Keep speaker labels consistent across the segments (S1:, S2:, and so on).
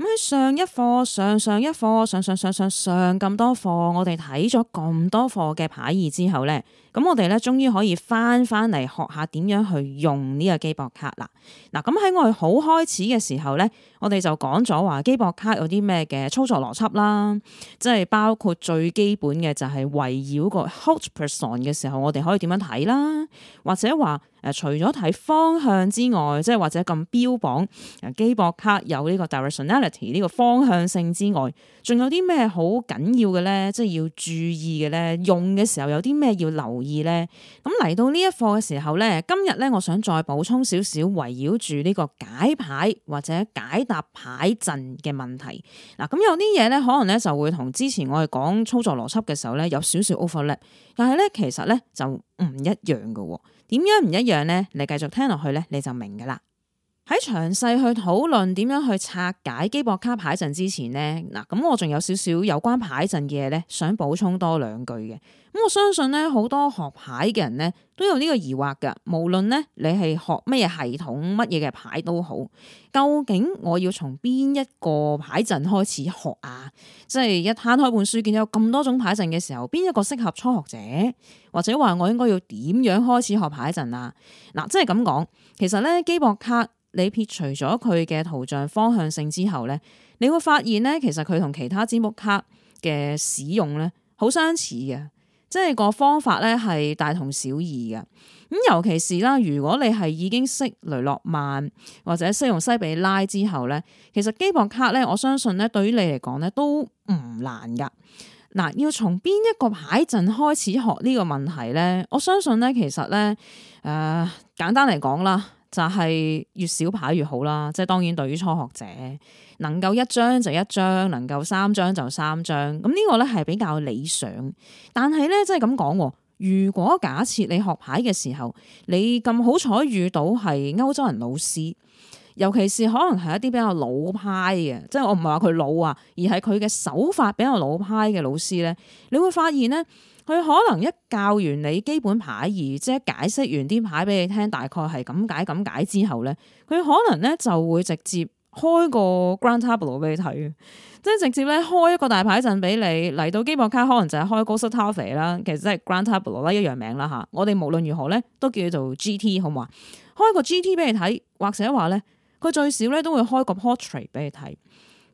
S1: 咁喺上一課、上上一課、上上上上上咁多課，我哋睇咗咁多課嘅牌意之後咧，咁我哋咧終於可以翻翻嚟學下點樣去用呢個機博卡啦。嗱，咁喺我哋好開始嘅時候咧，我哋就講咗話機博卡有啲咩嘅操作邏輯啦，即係包括最基本嘅就係圍繞個 hold person 嘅時候，我哋可以點樣睇啦，或者話。除咗睇方向之外，即係或者咁標榜機博卡有呢個 directionality 呢個方向性之外，仲有啲咩好緊要嘅咧？即係要注意嘅咧，用嘅時候有啲咩要留意咧？咁嚟到呢一課嘅時候咧，今日咧，我想再補充少少，圍繞住呢個解牌或者解答牌陣嘅問題嗱。咁有啲嘢咧，可能咧就會同之前我哋講操作邏輯嘅時候咧有少少 overlap，但係咧其實咧就唔一樣㗎喎。點樣唔一樣咧？你繼續聽落去咧，你就明噶啦。喺詳細去討論點樣去拆解基博卡牌陣之前呢，嗱咁我仲有少少有關牌陣嘅嘢咧，想補充多兩句嘅。咁我相信咧，好多學牌嘅人咧都有呢個疑惑噶。無論咧你係學乜嘢系統、乜嘢嘅牌都好，究竟我要從邊一個牌陣開始學啊？即係一攤開本書，見到有咁多種牌陣嘅時候，邊一個適合初學者？或者話我應該要點樣開始學牌陣啊？嗱，即係咁講，其實咧基博卡。你撇除咗佢嘅圖像方向性之後咧，你會發現咧，其實佢同其他占卜卡嘅使用咧，好相似嘅，即係個方法咧係大同小異嘅。咁尤其是啦，如果你係已經識雷諾曼或者識用西比拉之後咧，其實基博卡咧，我相信咧，對於你嚟講咧都唔難噶。嗱，要從邊一個牌陣開始學呢個問題咧，我相信咧，其實咧，誒、呃，簡單嚟講啦。就係越少牌越好啦，即係當然對於初學者能夠一張就一張，能夠三張就三張，咁呢個咧係比較理想。但係咧，即係咁講，如果假設你學牌嘅時候，你咁好彩遇到係歐洲人老師，尤其是可能係一啲比較老派嘅，即係我唔係話佢老啊，而係佢嘅手法比較老派嘅老師咧，你會發現咧。佢可能一教完你基本牌，而即係解釋完啲牌俾你聽，大概係咁解咁解之後咧，佢可能咧就會直接開個 grand table 俾你睇，即係直接咧開一個大牌陣俾你嚟到基博卡，可能就係開 ghost tower 啦，其實即係 grand table 啦，一樣名啦吓。我哋無論如何咧，都叫做 gt 好唔好？開個 gt 俾你睇，或者話咧，佢最少咧都會開個 portrait 俾你睇。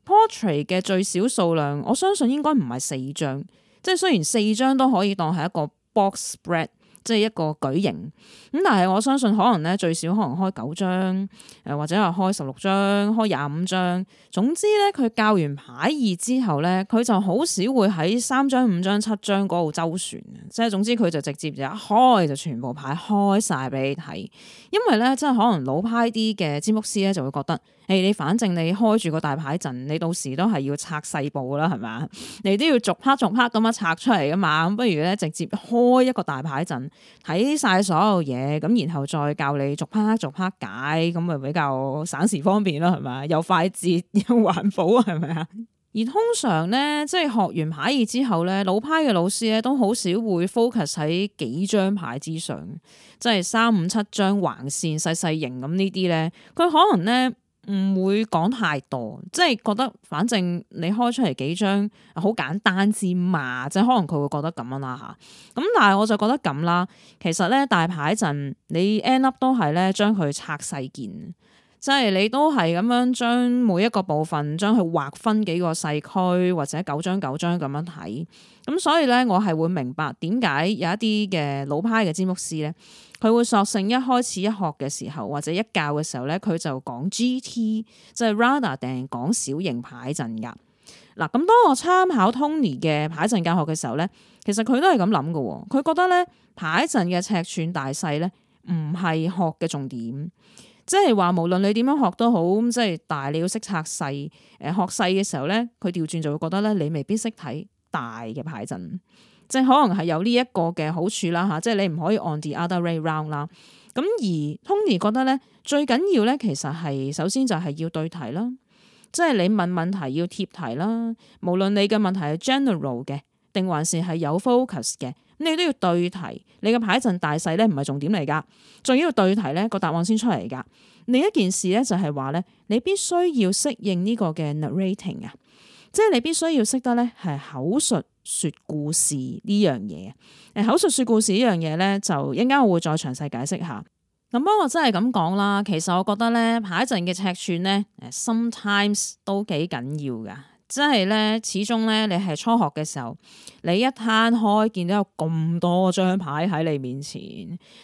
S1: portrait 嘅最少數量，我相信應該唔係四張。即係雖然四張都可以當係一個 box spread，即係一個矩形咁，但係我相信可能咧最少可能開九張，誒或者係開十六張、開廿五張，總之咧佢教完牌二之後咧，佢就好少會喺三張、五張、七張嗰度周旋，即係總之佢就直接就一開就全部牌開晒俾你睇，因為咧即係可能老派啲嘅占卜師咧就會覺得。誒，你反正你開住個大牌陣，你到時都係要拆細部啦，係嘛？你都要逐 part 逐 part 咁樣拆出嚟噶嘛？咁不如咧，直接開一個大牌陣，睇晒所有嘢，咁然後再教你逐拍逐拍解，咁咪比較省時方便咯，係嘛？又快捷又環保，係咪啊？而通常咧，即係學完牌意之後咧，老派嘅老師咧，都好少會 focus 喺幾張牌之上，即係三五七張橫線細細型咁呢啲咧，佢可能咧。唔會講太多，即係覺得反正你開出嚟幾張好簡單字嘛，即係可能佢會覺得咁樣啦嚇。咁但係我就覺得咁啦，其實咧大牌陣你 end up 都係咧將佢拆細件。即係你都係咁樣將每一個部分，將佢劃分幾個細區，或者九張九張咁樣睇。咁所以咧，我係會明白點解有一啲嘅老派嘅占卜師咧，佢會索性一開始一學嘅時候，或者一教嘅時候咧，佢就講 GT，即係 Radar 定講小型牌陣噶。嗱，咁當我參考 Tony 嘅牌陣教學嘅時候咧，其實佢都係咁諗㗎。佢覺得咧牌陣嘅尺寸大細咧，唔係學嘅重點。即係話無論你點樣學都好，即係大你要識拆細，誒、呃、學細嘅時候咧，佢調轉就會覺得咧，你未必識睇大嘅牌陣，即係可能係有呢一個嘅好處啦吓，即係你唔可以 on the other way round 啦。咁而 Tony 覺得咧，最緊要咧，其實係首先就係要對題啦，即係你問問題要貼題啦，無論你嘅問題係 general 嘅，定還是係有 focus 嘅。你都要對題，你嘅牌陣大細咧，唔係重點嚟噶，仲要對題咧，個答案先出嚟噶。另一件事咧，就係話咧，你必須要適應呢個嘅 narrating 啊，即係你必須要識得咧係口述說故事呢樣嘢。誒、口述說故事呢樣嘢咧，就一陣間我會再詳細解釋下。咁不過真係咁講啦，其實我覺得咧，牌陣嘅尺寸咧，誒 sometimes 都幾緊要噶。即係咧，始終咧，你係初學嘅時候，你一攤開見到有咁多張牌喺你面前，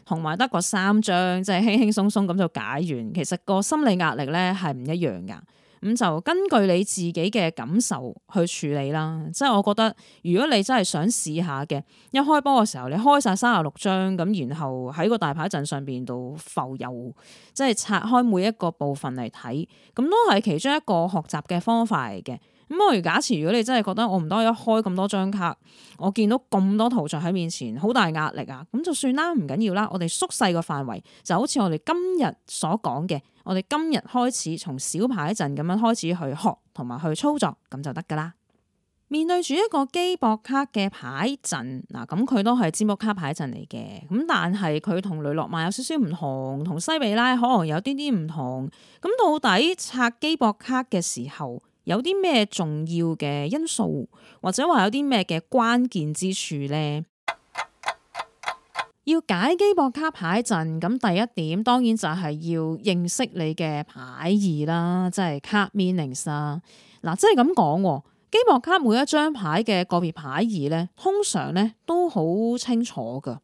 S1: 同埋得個三張，即係輕輕鬆鬆咁就解完。其實個心理壓力咧係唔一樣噶。咁就根據你自己嘅感受去處理啦。即係我覺得，如果你真係想試下嘅，一開波嘅時候，你開晒三十六張，咁然後喺個大牌陣上面度浮游，即係拆開每一個部分嚟睇，咁都係其中一個學習嘅方法嚟嘅。咁我假設如果你真係覺得我唔多一開咁多張卡，我見到咁多圖像喺面前，好大壓力啊！咁就算啦，唔緊要啦。我哋縮細個範圍，就好似我哋今日所講嘅，我哋今日開始從小牌陣咁樣開始去學同埋去操作，咁就得㗎喇。面對住一個基博卡嘅牌陣嗱，咁佢都係占卜卡牌陣嚟嘅，咁但係佢同雷諾曼有少少唔同，同西比拉可能有啲啲唔同。咁到底拆基博卡嘅時候，有啲咩重要嘅因素，或者話有啲咩嘅關鍵之處咧？要解基博卡牌陣，咁第一點當然就係要認識你嘅牌意啦，即係卡 meaning 啦。嗱、啊，即係咁講，基博卡每一張牌嘅個別牌意咧，通常咧都好清楚噶，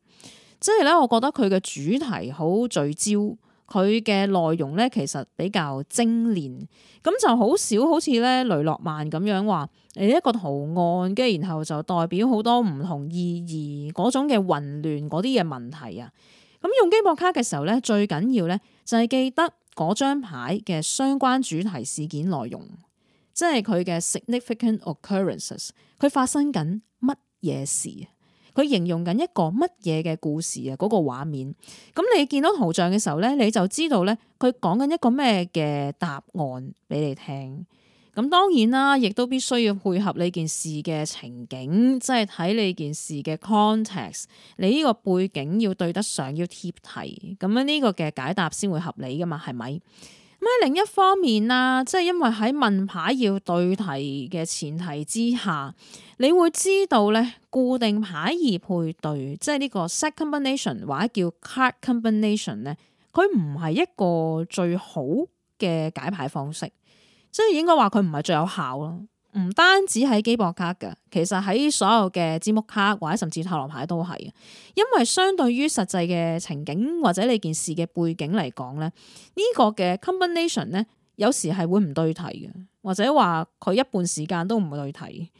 S1: 即係咧，我覺得佢嘅主題好聚焦。佢嘅內容咧，其實比較精煉，咁就好少好似咧雷諾曼咁樣話，誒一個圖案，跟住然後就代表好多唔同意義嗰種嘅混亂嗰啲嘅問題啊。咁用機博卡嘅時候咧，最緊要咧就係記得嗰張牌嘅相關主題事件內容，即係佢嘅 significant occurrences，佢發生緊乜嘢事？佢形容緊一個乜嘢嘅故事啊？嗰個畫面，咁你見到圖像嘅時候咧，你就知道咧，佢講緊一個咩嘅答案俾你聽。咁當然啦，亦都必須要配合呢件事嘅情景，即係睇呢件事嘅 context，你呢個背景要對得上，要貼題，咁樣呢個嘅解答先會合理噶嘛？係咪？咁喺另一方面啦，即係因為喺問牌要對題嘅前提之下，你會知道咧，固定牌而配對，即係呢個 set combination 或者叫 card combination 咧，佢唔係一個最好嘅解牌方式，即係應該話佢唔係最有效咯。唔單止喺機博卡噶，其實喺所有嘅節目卡或者甚至塔羅牌都係，因為相對於實際嘅情景或者你件事嘅背景嚟講咧，呢個嘅 combination 咧有時係會唔對題嘅，或者話佢一半時間都唔對題，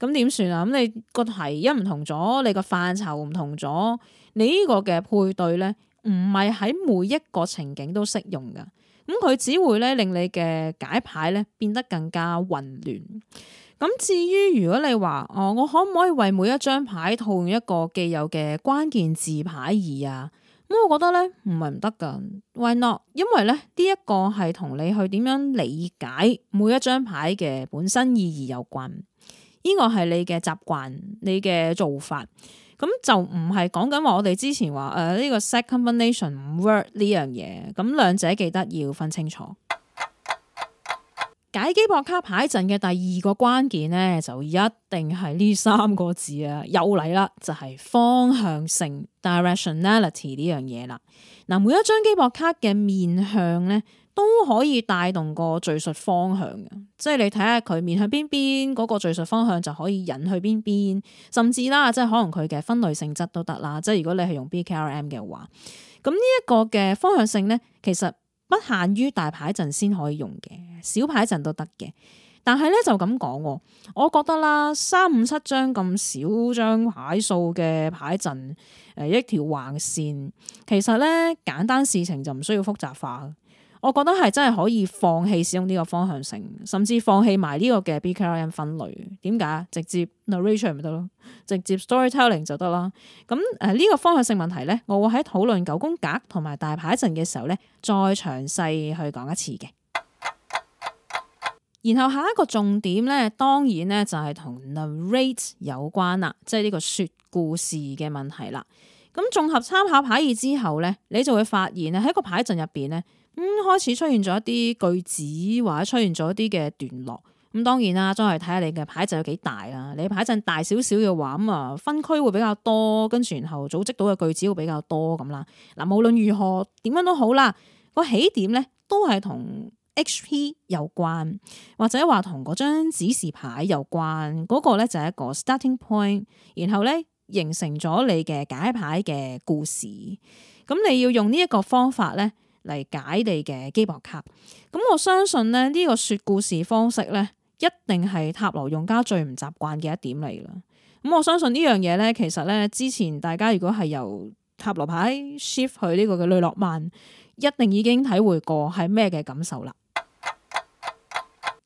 S1: 咁點算啊？咁你個題因唔同咗，你個範疇唔同咗，你呢個嘅配對咧唔係喺每一個情景都適用噶。咁佢只會咧令你嘅解牌咧變得更加混亂。咁至於如果你話哦，我可唔可以為每一張牌套用一個既有嘅關鍵字牌義啊？咁我覺得咧唔係唔得噶，Why not? 因為咧呢一個係同你去點樣理解每一張牌嘅本身意義有關。呢個係你嘅習慣，你嘅做法。咁就唔係講緊話我哋之前話誒，呢個 set combination 唔 work 呢樣嘢，咁兩者記得要分清楚。解機博卡牌陣嘅第二個關鍵呢，就一定係呢三個字啊，又嚟啦，就係、是、方向性 directionality 呢樣嘢啦。嗱，每一張機博卡嘅面向呢。都可以帶動個敘述方向嘅，即係你睇下佢面向邊邊嗰個敘述方向就可以引去邊邊，甚至啦，即係可能佢嘅分類性質都得啦。即係如果你係用 B K R M 嘅話，咁呢一個嘅方向性呢，其實不限於大牌陣先可以用嘅，小牌陣都得嘅。但係呢，就咁講喎，我覺得啦，三五七張咁少張牌數嘅牌陣，誒一條橫線，其實呢，簡單事情就唔需要複雜化。我覺得係真係可以放棄使用呢個方向性，甚至放棄埋呢個嘅 BKRN 分類。點解？直接 narration 咪得咯，直接 storytelling 就得啦。咁誒呢個方向性問題咧，我會喺討論九宮格同埋大牌陣嘅時候咧，再詳細去講一次嘅。 然後下一個重點咧，當然咧就係、是、同 narrate 有關啦，即係呢個說故事嘅問題啦。咁、嗯、綜合參考牌意之後咧，你就會發現咧喺個牌陣入邊咧。咁、嗯、開始出現咗一啲句子，或者出現咗一啲嘅段落。咁當然啦，都係睇下你嘅牌就有幾大啦。你牌陣大少少嘅話，咁、嗯、啊分區會比較多，跟住然後組織到嘅句子會比較多咁啦。嗱，無論如何點樣都好啦，個起點咧都係同 HP 有關，或者話同嗰張指示牌有關。嗰、那個咧就係、是、一個 starting point，然後咧形成咗你嘅解牌嘅故事。咁你要用呢一個方法咧。嚟解你嘅基博卡，咁我相信呢呢個說故事方式呢，一定係塔羅用家最唔習慣嘅一點嚟啦。咁我相信呢樣嘢呢，其實呢，之前大家如果係由塔羅牌 shift 去呢個嘅雷諾曼，一定已經體會過係咩嘅感受啦。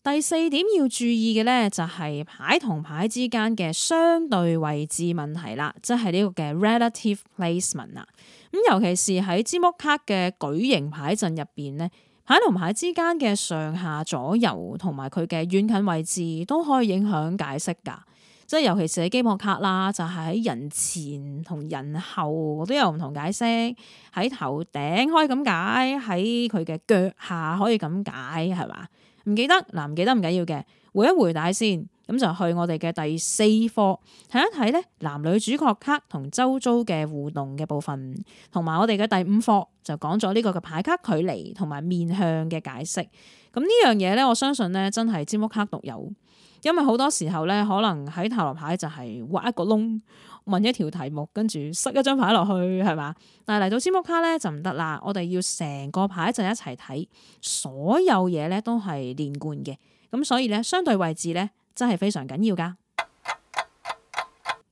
S1: 第四點要注意嘅呢，就係牌同牌之間嘅相對位置問題啦，即係呢個嘅 relative placement 啦。咁尤其是喺支木卡嘅矩形牌陣入邊咧，牌同牌之間嘅上下、左右同埋佢嘅遠近位置都可以影響解釋噶。即係尤其是喺支木卡啦，就係喺人前同人後都有唔同解釋。喺頭頂可以咁解，喺佢嘅腳下可以咁解，係嘛？唔記得嗱，唔記得唔緊要嘅，回一回帶先。咁就去我哋嘅第四課睇一睇咧，男女主角卡同周遭嘅互動嘅部分，同埋我哋嘅第五課就講咗呢個嘅牌卡距離同埋面向嘅解釋。咁、嗯、呢樣嘢呢，我相信咧真係占卜卡獨有，因為好多時候呢，可能喺塔羅牌就係畫一個窿問一條題目，跟住塞一張牌落去係嘛，但係嚟到占卜卡呢，就唔得啦，我哋要成個牌就一陣一齊睇，所有嘢呢都係連貫嘅，咁所以呢，相對位置呢，真係非常緊要噶。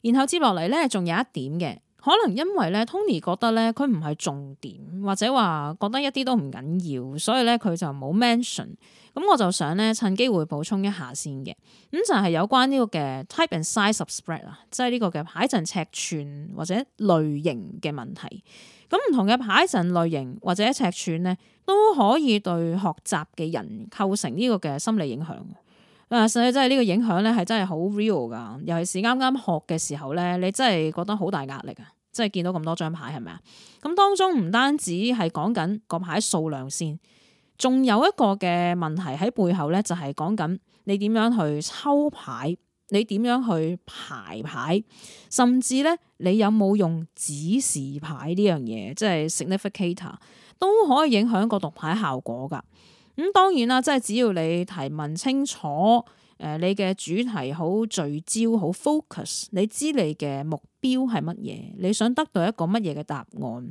S1: 然後接落嚟呢，仲有一點嘅，可能因為呢，Tony 覺得呢，佢唔係重點，或者話覺得一啲都唔緊要，所以呢，佢就冇 mention。咁我就想呢，趁機會補充一下先嘅。咁就係有關呢個嘅 type and size of spread 啊，即係呢個嘅牌陣尺寸或者類型嘅問題。咁唔同嘅牌陣類型或者尺寸呢，都可以對學習嘅人構成呢個嘅心理影響。啊！甚至真係呢個影響咧，係真係好 real 噶。尤其是啱啱學嘅時候咧，你真係覺得好大壓力啊！即係見到咁多張牌，係咪啊？咁當中唔單止係講緊個牌數量先，仲有一個嘅問題喺背後咧，就係講緊你點樣去抽牌，你點樣去排牌，甚至咧你有冇用指示牌呢樣嘢，即係 significator，都可以影響個讀牌效果噶。咁當然啦，即係只要你提問清楚，誒、呃、你嘅主題好聚焦、好 focus，你知你嘅目標係乜嘢，你想得到一個乜嘢嘅答案，誒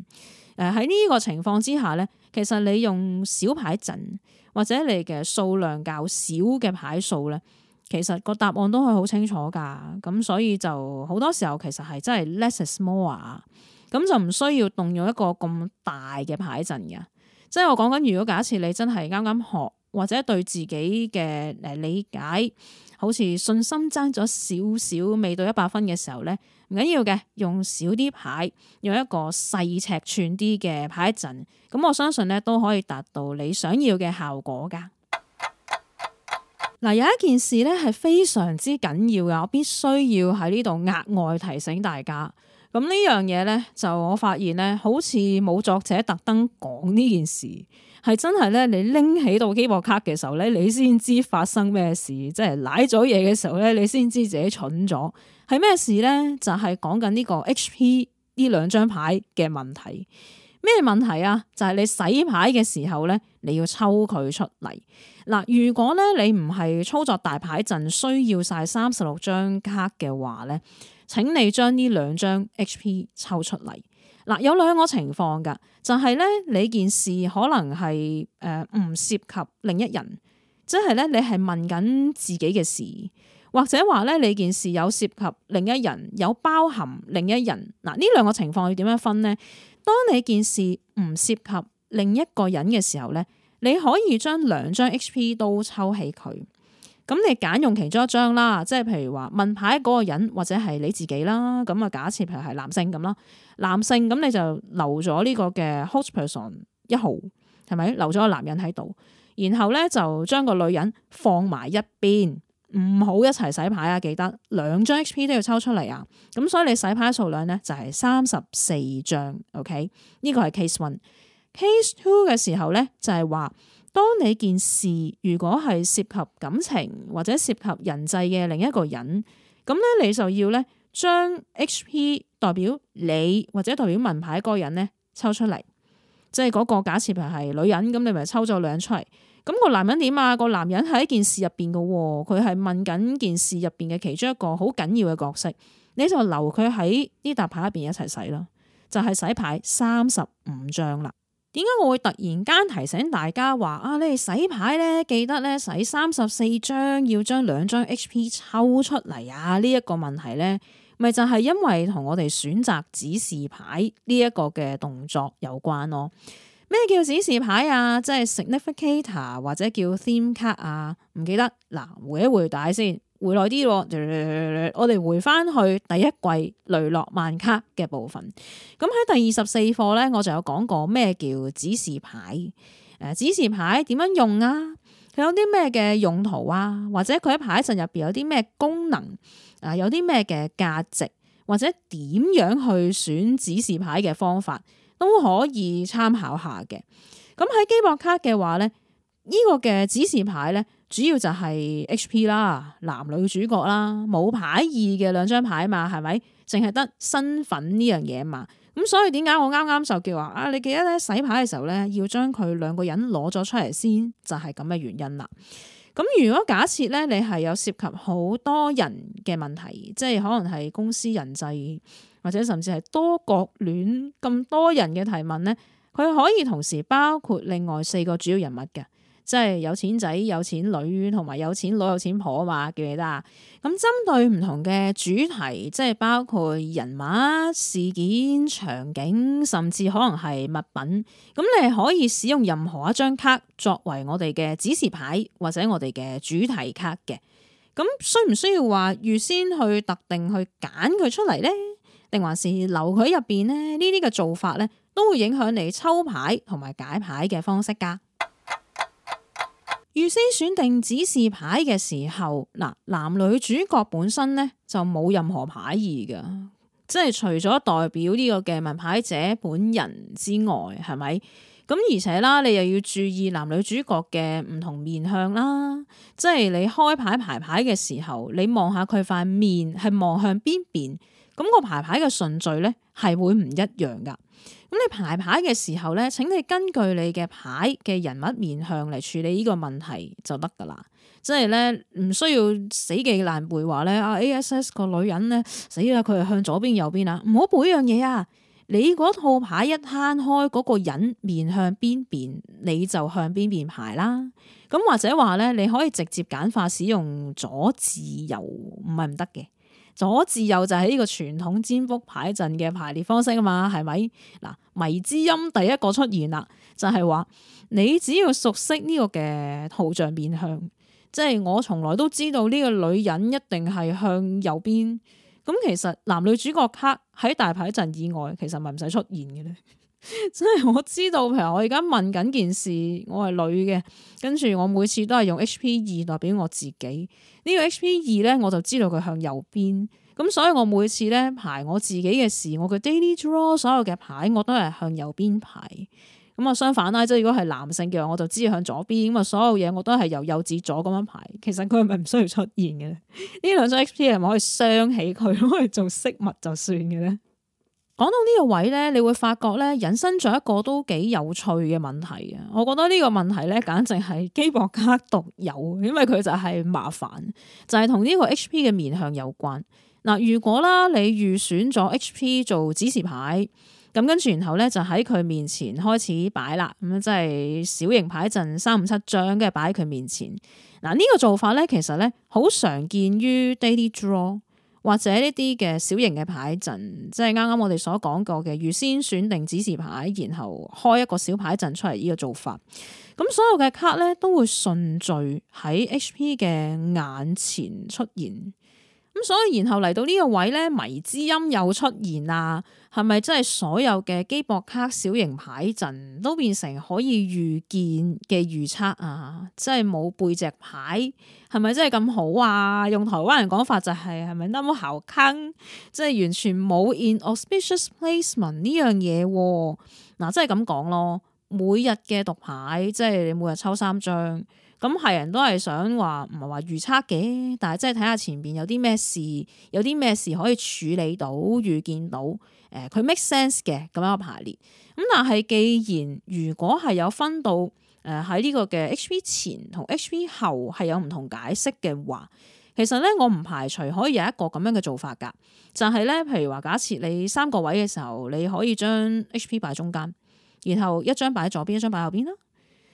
S1: 喺呢個情況之下咧，其實你用小牌陣或者你嘅數量較少嘅牌數咧，其實個答案都可以係好清楚噶，咁所以就好多時候其實係真係 less is more 啊，咁就唔需要動用一個咁大嘅牌陣嘅。即係我講緊，如果假設你真係啱啱學，或者對自己嘅、呃、理解，好似信心爭咗少少，未到一百分嘅時候呢，唔緊要嘅，用少啲牌，用一個細尺寸啲嘅牌陣，咁我相信呢都可以達到你想要嘅效果噶。嗱，有一件事呢係非常之緊要嘅，我必須要喺呢度額外提醒大家。咁呢樣嘢呢，就我發現呢，好似冇作者特登講呢件事，係真係呢，你拎起到機博卡嘅時候呢，你先知發生咩事，即係瀨咗嘢嘅時候呢，你先知自己蠢咗，係咩事呢？就係講緊呢個 HP 呢兩張牌嘅問題。咩問題啊？就係你洗牌嘅時候咧，你要抽佢出嚟。嗱，如果咧你唔係操作大牌陣需要晒三十六張卡嘅話咧，請你將呢兩張 HP 抽出嚟。嗱，有兩個情況噶，就係咧你件事可能係誒唔涉及另一人，即係咧你係問緊自己嘅事，或者話咧你件事有涉及另一人，有包含另一人。嗱，呢兩個情況要點樣分呢？當你件事唔涉及另一個人嘅時候咧，你可以將兩張 H.P. 都抽起佢，咁你揀用其中一張啦。即係譬如話問牌嗰個人或者係你自己啦，咁啊假設譬如係男性咁啦，男性咁你就留咗呢個嘅 host person 一號係咪？留咗個男人喺度，然後咧就將個女人放埋一邊。唔好一齊洗牌啊！記得兩張 HP 都要抽出嚟啊！咁所以你洗牌數量呢，就係三十四張，OK？呢個係 case one。Case two 嘅時候呢，就係話，當你件事如果係涉及感情或者涉及人際嘅另一個人，咁呢你就要呢將 HP 代表你或者代表文牌嗰個人呢抽出嚟，即係嗰個假設係女人，咁你咪抽咗兩出嚟。咁個男人點啊？個男人係一件事入邊嘅，佢係問緊件事入邊嘅其中一個好緊要嘅角色，你就留佢喺呢沓牌入邊一齊洗啦。就係、是、洗牌三十五張啦。點解我會突然間提醒大家話啊？你哋洗牌咧，記得咧洗三十四張，要將兩張 HP 抽出嚟啊！呢、這、一個問題咧，咪就係、是、因為同我哋選擇指示牌呢一個嘅動作有關咯。咩叫指示牌啊？即係 significator 或者叫 theme 卡啊？唔記得嗱，回一回帶先，回耐啲咯。哩哩哩哩哩我哋回翻去第一季雷諾曼卡嘅部分。咁喺第二十四課咧，我就有講過咩叫指示牌？指示牌點樣用啊？佢有啲咩嘅用途啊？或者佢喺牌陣入邊有啲咩功能？啊，有啲咩嘅價值？或者點樣去選指示牌嘅方法？都可以參考下嘅。咁喺機博卡嘅話咧，呢個嘅指示牌咧，主要就係 HP 啦、男女主角啦、冇牌二嘅兩張牌嘛，係咪？淨係得身份呢樣嘢嘛。咁所以點解我啱啱就叫話啊？你記得咧洗牌嘅時候咧，要將佢兩個人攞咗出嚟先，就係咁嘅原因啦。咁如果假設咧，你係有涉及好多人嘅問題，即係可能係公司人際。或者甚至係多國戀咁多人嘅提問呢，佢可以同時包括另外四個主要人物嘅，即係有錢仔、有錢女同埋有，有錢佬、有錢婆啊嘛，記唔記得啊？咁針對唔同嘅主題，即係包括人物、事件、場景，甚至可能係物品。咁你係可以使用任何一張卡作為我哋嘅指示牌，或者我哋嘅主題卡嘅。咁需唔需要話預先去特定去揀佢出嚟呢？定還是留佢入邊呢？呢啲嘅做法咧，都會影響你抽牌同埋解牌嘅方式噶。預先 選定指示牌嘅時候，嗱，男女主角本身咧就冇任何牌意噶，即係除咗代表呢個嘅文牌者本人之外，係咪？咁而且啦，你又要注意男女主角嘅唔同面向啦，即係你開牌排牌牌嘅時候，你望下佢塊面係望向邊邊。咁個牌牌嘅順序咧係會唔一樣噶。咁你排牌牌嘅時候咧，請你根據你嘅牌嘅人物面向嚟處理呢個問題就得噶啦。即係咧，唔需要死記爛背話咧啊 A S S 個女人咧死啦，佢係向左邊右邊啊，唔好背樣嘢啊！你嗰套牌一攤開，嗰、那個人面向邊邊，你就向邊邊排啦。咁或者話咧，你可以直接簡化使用左字右，唔係唔得嘅。左至右就係呢個傳統占卜牌陣嘅排列方式啊嘛，係咪？嗱，迷之音第一個出現啦，就係話你只要熟悉呢個嘅圖像面向，即係我從來都知道呢個女人一定係向右邊。咁其實男女主角卡喺大牌陣以外，其實咪唔使出現嘅咧。即係我知道，譬如我而家問緊件事，我係女嘅，跟住我每次都係用 H P 二代表我自己。呢個 H P 二咧，我就知道佢向右邊，咁所以我每次咧排我自己嘅事，我嘅 daily draw 所有嘅牌我都係向右邊排。咁啊相反啦，即係如果係男性嘅話，我就知向左邊，咁啊所有嘢我都係由右至左咁樣排。其實佢係咪唔需要出現嘅？呢呢兩張 H P 係咪可以相起佢，攞嚟做飾物就算嘅咧？講到呢個位咧，你會發覺咧，引申咗一個都幾有趣嘅問題啊！我覺得呢個問題咧，簡直係基博卡獨有，因為佢就係麻煩，就係同呢個 H.P. 嘅面向有關。嗱，如果啦你預選咗 H.P. 做指示牌，咁跟住然後咧就喺佢面前開始擺啦，咁即係小型牌陣三五七張，跟住擺喺佢面前。嗱，呢個做法咧，其實咧好常見於 Daily Draw。或者呢啲嘅小型嘅牌陣，即係啱啱我哋所講過嘅，預先選定指示牌，然後開一個小牌陣出嚟，呢個做法，咁所有嘅卡呢都會順序喺 HP 嘅眼前出現，咁所以然後嚟到呢個位呢，迷之音又出現啊，係咪真係所有嘅機博卡小型牌陣都變成可以預見嘅預測啊？真係冇背脊牌。係咪真係咁好啊？用台灣人講法就係、是，係咪 number 好坑？即係完全冇 inauspicious placement 呢、啊啊就是、樣嘢喎？嗱，真係咁講咯。每日嘅讀牌，即係你每日抽三張，咁係人都係想話，唔係話預測嘅，但係真係睇下前邊有啲咩事，有啲咩事可以處理到、預見到。誒、呃，佢 make sense 嘅咁樣一個排列。咁但係，既然如果係有分到，誒，喺呢、呃、個嘅 HP 前同 HP 後係有唔同解釋嘅話，其實咧我唔排除可以有一個咁樣嘅做法噶。就係、是、咧，譬如話假設你三個位嘅時候，你可以將 HP 擺中間，然後一張擺喺左邊，一張擺喺右邊啦。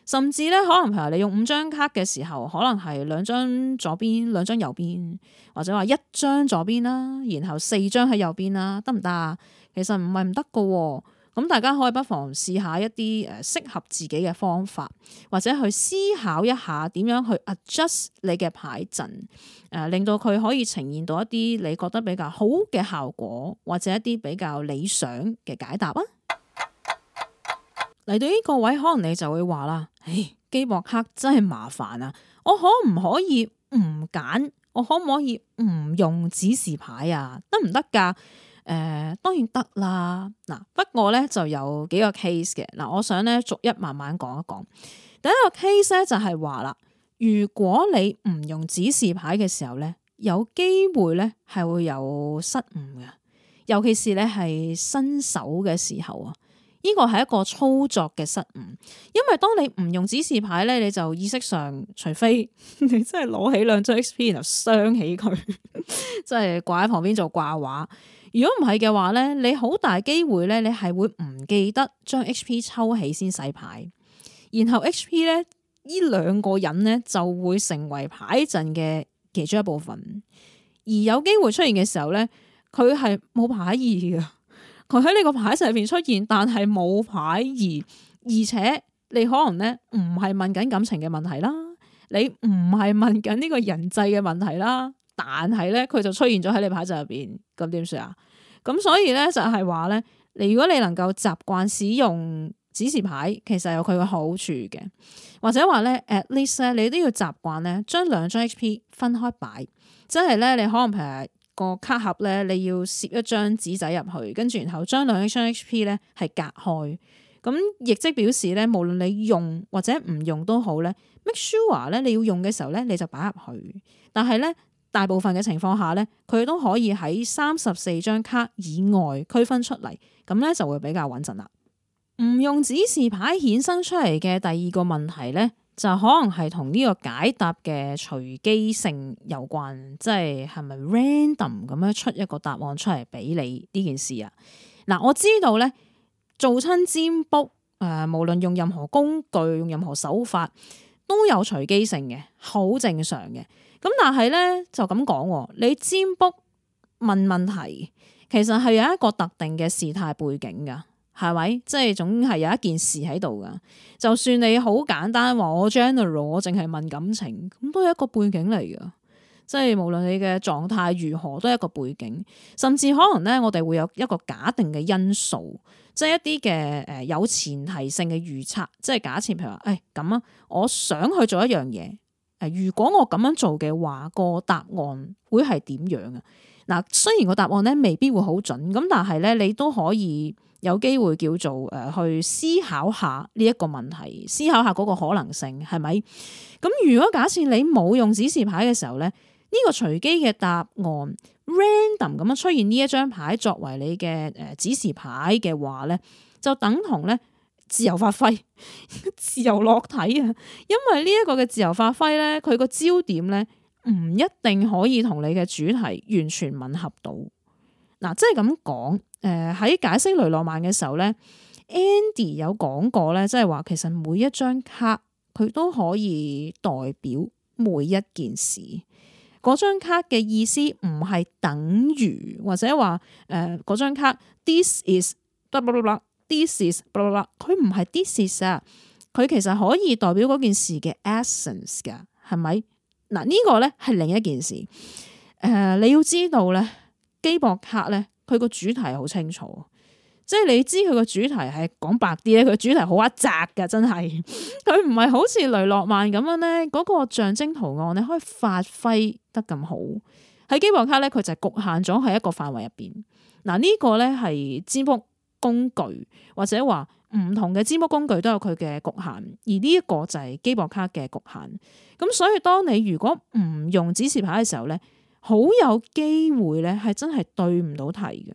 S1: 甚至咧，可能譬如你用五張卡嘅時候，可能係兩張左邊，兩張右邊，或者話一張左邊啦，然後四張喺右邊啦，得唔得啊？其實唔係唔得噶。咁大家可以不妨試下一啲誒適合自己嘅方法，或者去思考一下點樣去 adjust 你嘅牌陣，誒令到佢可以呈現到一啲你覺得比較好嘅效果，或者一啲比較理想嘅解答啊！嚟 到呢個位，可能你就會話啦：誒，機博客真係麻煩啊！我可唔可以唔揀？我可唔可以唔用指示牌啊？得唔得㗎？誒、呃、當然得啦嗱，不過咧就有幾個 case 嘅嗱，我想咧逐一慢慢講一講。第一個 case 咧就係話啦，如果你唔用指示牌嘅時候咧，有機會咧係會有失誤嘅，尤其是咧係新手嘅時候啊。呢個係一個操作嘅失誤，因為當你唔用指示牌咧，你就意識上，除非你真係攞起兩張 XP 然後鑲起佢，即係掛喺旁邊做掛畫。如果唔係嘅話咧，你好大機會咧，你係會唔記得將 H P 抽起先洗牌，然後 H P 咧呢兩個人咧就會成為牌陣嘅其中一部分。而有機會出現嘅時候咧，佢係冇牌意嘅，佢喺呢個牌陣入邊出現，但係冇牌意，而且你可能咧唔係問緊感情嘅問題啦，你唔係問緊呢個人際嘅問題啦。但係咧，佢就出現咗喺你牌集入邊，咁點算啊？咁所以咧，就係話咧，你如果你能夠習慣使用指示牌，其實有佢個好處嘅，或者話咧，at least 你都要習慣咧，將兩張 H.P 分開擺，即係咧，你可能譬如個卡盒咧，你要攝一張紙仔入去，跟住然後將兩張 H.P 咧係隔開，咁亦即表示咧，無論你用或者唔用都好咧，make sure 咧，你要用嘅時候咧，你就擺入去，但係咧。大部分嘅情況下咧，佢都可以喺三十四張卡以外區分出嚟，咁咧就會比較穩陣啦。唔用指示牌衍生出嚟嘅第二個問題咧，就可能係同呢個解答嘅隨機性有關，即係係咪 random 咁樣出一個答案出嚟俾你呢件事啊？嗱，我知道咧，做親占卜誒、呃，無論用任何工具、用任何手法，都有隨機性嘅，好正常嘅。咁但係咧就咁講，你占卜問問題其實係有一個特定嘅事態背景噶，係咪？即係總係有一件事喺度噶。就算你好簡單話我 general，我淨係問感情，咁都係一個背景嚟噶。即係無論你嘅狀態如何，都係一個背景。甚至可能咧，我哋會有一個假定嘅因素，即係一啲嘅誒有前提性嘅預測，即係假設譬如話，誒咁啊，我想去做一樣嘢。如果我咁樣做嘅話，個答案會係點樣啊？嗱，雖然個答案咧未必會好準，咁但係咧你都可以有機會叫做誒去思考下呢一個問題，思考下嗰個可能性係咪？咁如果假設你冇用指示牌嘅時候咧，呢個隨機嘅答案 random 咁樣出現呢一張牌作為你嘅誒指示牌嘅話咧，就等同咧。自由發揮，自由落體啊！因為呢一個嘅自由發揮咧，佢個焦點咧唔一定可以同你嘅主題完全吻合到。嗱，即係咁講，誒喺解釋雷浪漫嘅時候咧，Andy 有講過咧，即係話其實每一張卡佢都可以代表每一件事。嗰張卡嘅意思唔係等於或者話誒嗰張卡，this is blah blah blah 啲事，佢唔係 This is 啊！佢其實可以代表嗰件事嘅 essence 噶，係咪？嗱，呢個咧係另一件事。誒、呃，你要知道咧，基博卡咧，佢個主題好清楚，即係你知佢個主題係講白啲咧，佢主題好狹窄噶，真係。佢唔係好似雷諾曼咁樣咧，嗰個象徵圖案咧可以發揮得咁好。喺基博卡咧，佢就局限咗喺一個範圍入邊。嗱，呢個咧係占卜。工具或者話唔同嘅字幕工具都有佢嘅局限，而呢一個就係機博卡嘅局限。咁所以，當你如果唔用指示牌嘅時候呢，好有機會呢係真係對唔到題嘅，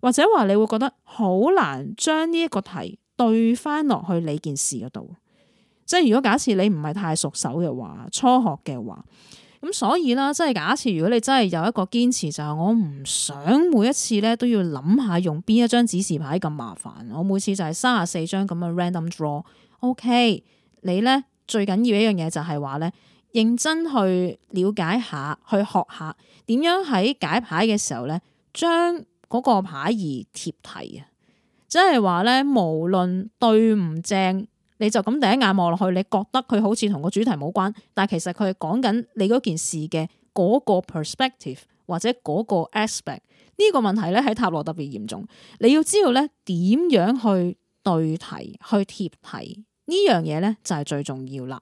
S1: 或者話你會覺得好難將呢一個題對翻落去你件事嗰度。即係如果假設你唔係太熟手嘅話，初學嘅話。咁所以啦，即係假設如果你真係有一個堅持，就係我唔想每一次咧都要諗下用邊一張指示牌咁麻煩，我每次就係三啊四張咁嘅 random draw。OK，你咧最緊要一樣嘢就係話咧認真去了解下，去學下點樣喺解牌嘅時候咧，將嗰個牌而貼題啊，即係話咧無論對唔正。你就咁第一眼望落去，你覺得佢好似同個主題冇關，但係其實佢係講緊你嗰件事嘅嗰個 perspective 或者嗰個 aspect，呢個問題咧喺塔羅特別嚴重。你要知道咧點樣去對題去貼題呢樣嘢咧就係最重要啦。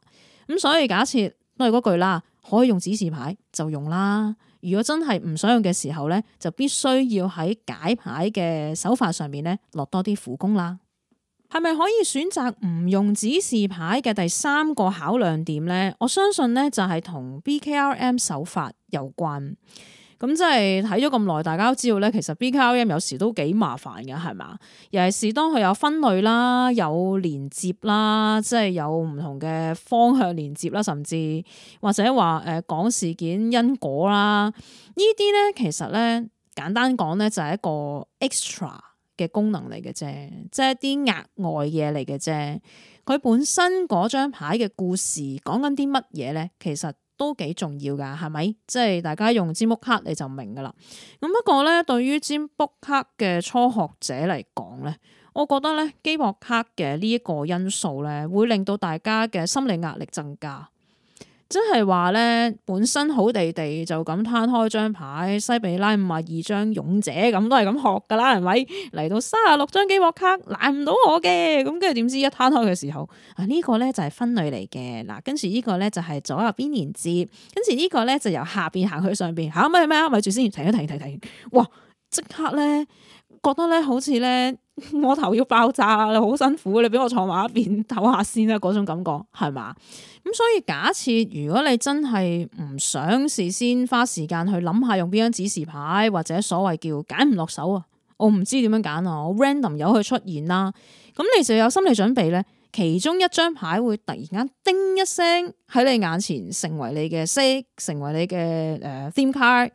S1: 咁所以假設都係嗰句啦，可以用指示牌就用啦。如果真係唔想用嘅時候咧，就必須要喺解牌嘅手法上面咧落多啲苦功啦。係咪可以選擇唔用指示牌嘅第三個考量點咧？我相信咧就係同 B K R M 手法有關。咁即係睇咗咁耐，大家都知道咧，其實 B K R M 有時都幾麻煩嘅，係咪？尤其是當佢有分類啦，有連接啦，即係有唔同嘅方向連接啦，甚至或者話誒，講事件因果啦，呢啲咧其實咧簡單講咧就係一個 extra。嘅功能嚟嘅啫，即係一啲額外嘢嚟嘅啫。佢本身嗰張牌嘅故事講緊啲乜嘢咧？其實都幾重要噶，係咪？即係大家用占卜卡你就明噶啦。咁不過咧，對於占卜卡嘅初學者嚟講咧，我覺得咧，基博卡嘅呢一個因素咧，會令到大家嘅心理壓力增加。真係話咧，本身好地地就咁攤開張牌，西比拉五十二張勇者咁都係咁學噶啦，係咪嚟到三十六張積木卡難唔到我嘅？咁跟住點知一攤開嘅時候，啊、這個、呢個咧就係、是、分類嚟嘅嗱，跟住呢個咧就係、是、左右邊連接，跟住呢個咧就由下邊行去上邊，吓咪咪咪住先，停一停停停，哇即刻咧。覺得咧，好似咧，我頭要爆炸啦！你好辛苦，你俾我坐埋一邊唞下先啦，嗰種感覺係嘛？咁所以假設如果你真係唔想事先花時間去諗下用邊張指示牌，或者所謂叫揀唔落手啊，我唔知點樣揀啊，我 random 有佢出現啦。咁你就有心理準備咧，其中一張牌會突然間叮一聲喺你眼前，成為你嘅 s 成為你嘅誒、呃、theme card。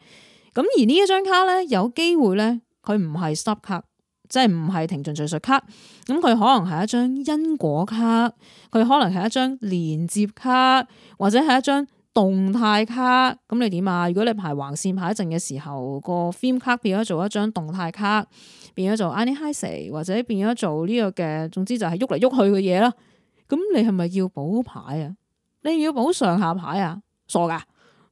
S1: 咁而呢一張卡咧，有機會咧。佢唔係 stop 卡，即係唔係停進敘述卡。咁佢可能係一張因果卡，佢可能係一張連接卡，或者係一張動態卡。咁你點啊？如果你排橫線牌一陣嘅時候，那個 film 卡變咗做一張動態卡，變咗做 any high 或者變咗做呢個嘅，總之就係喐嚟喐去嘅嘢啦。咁你係咪要補牌啊？你要補上下牌啊？傻噶！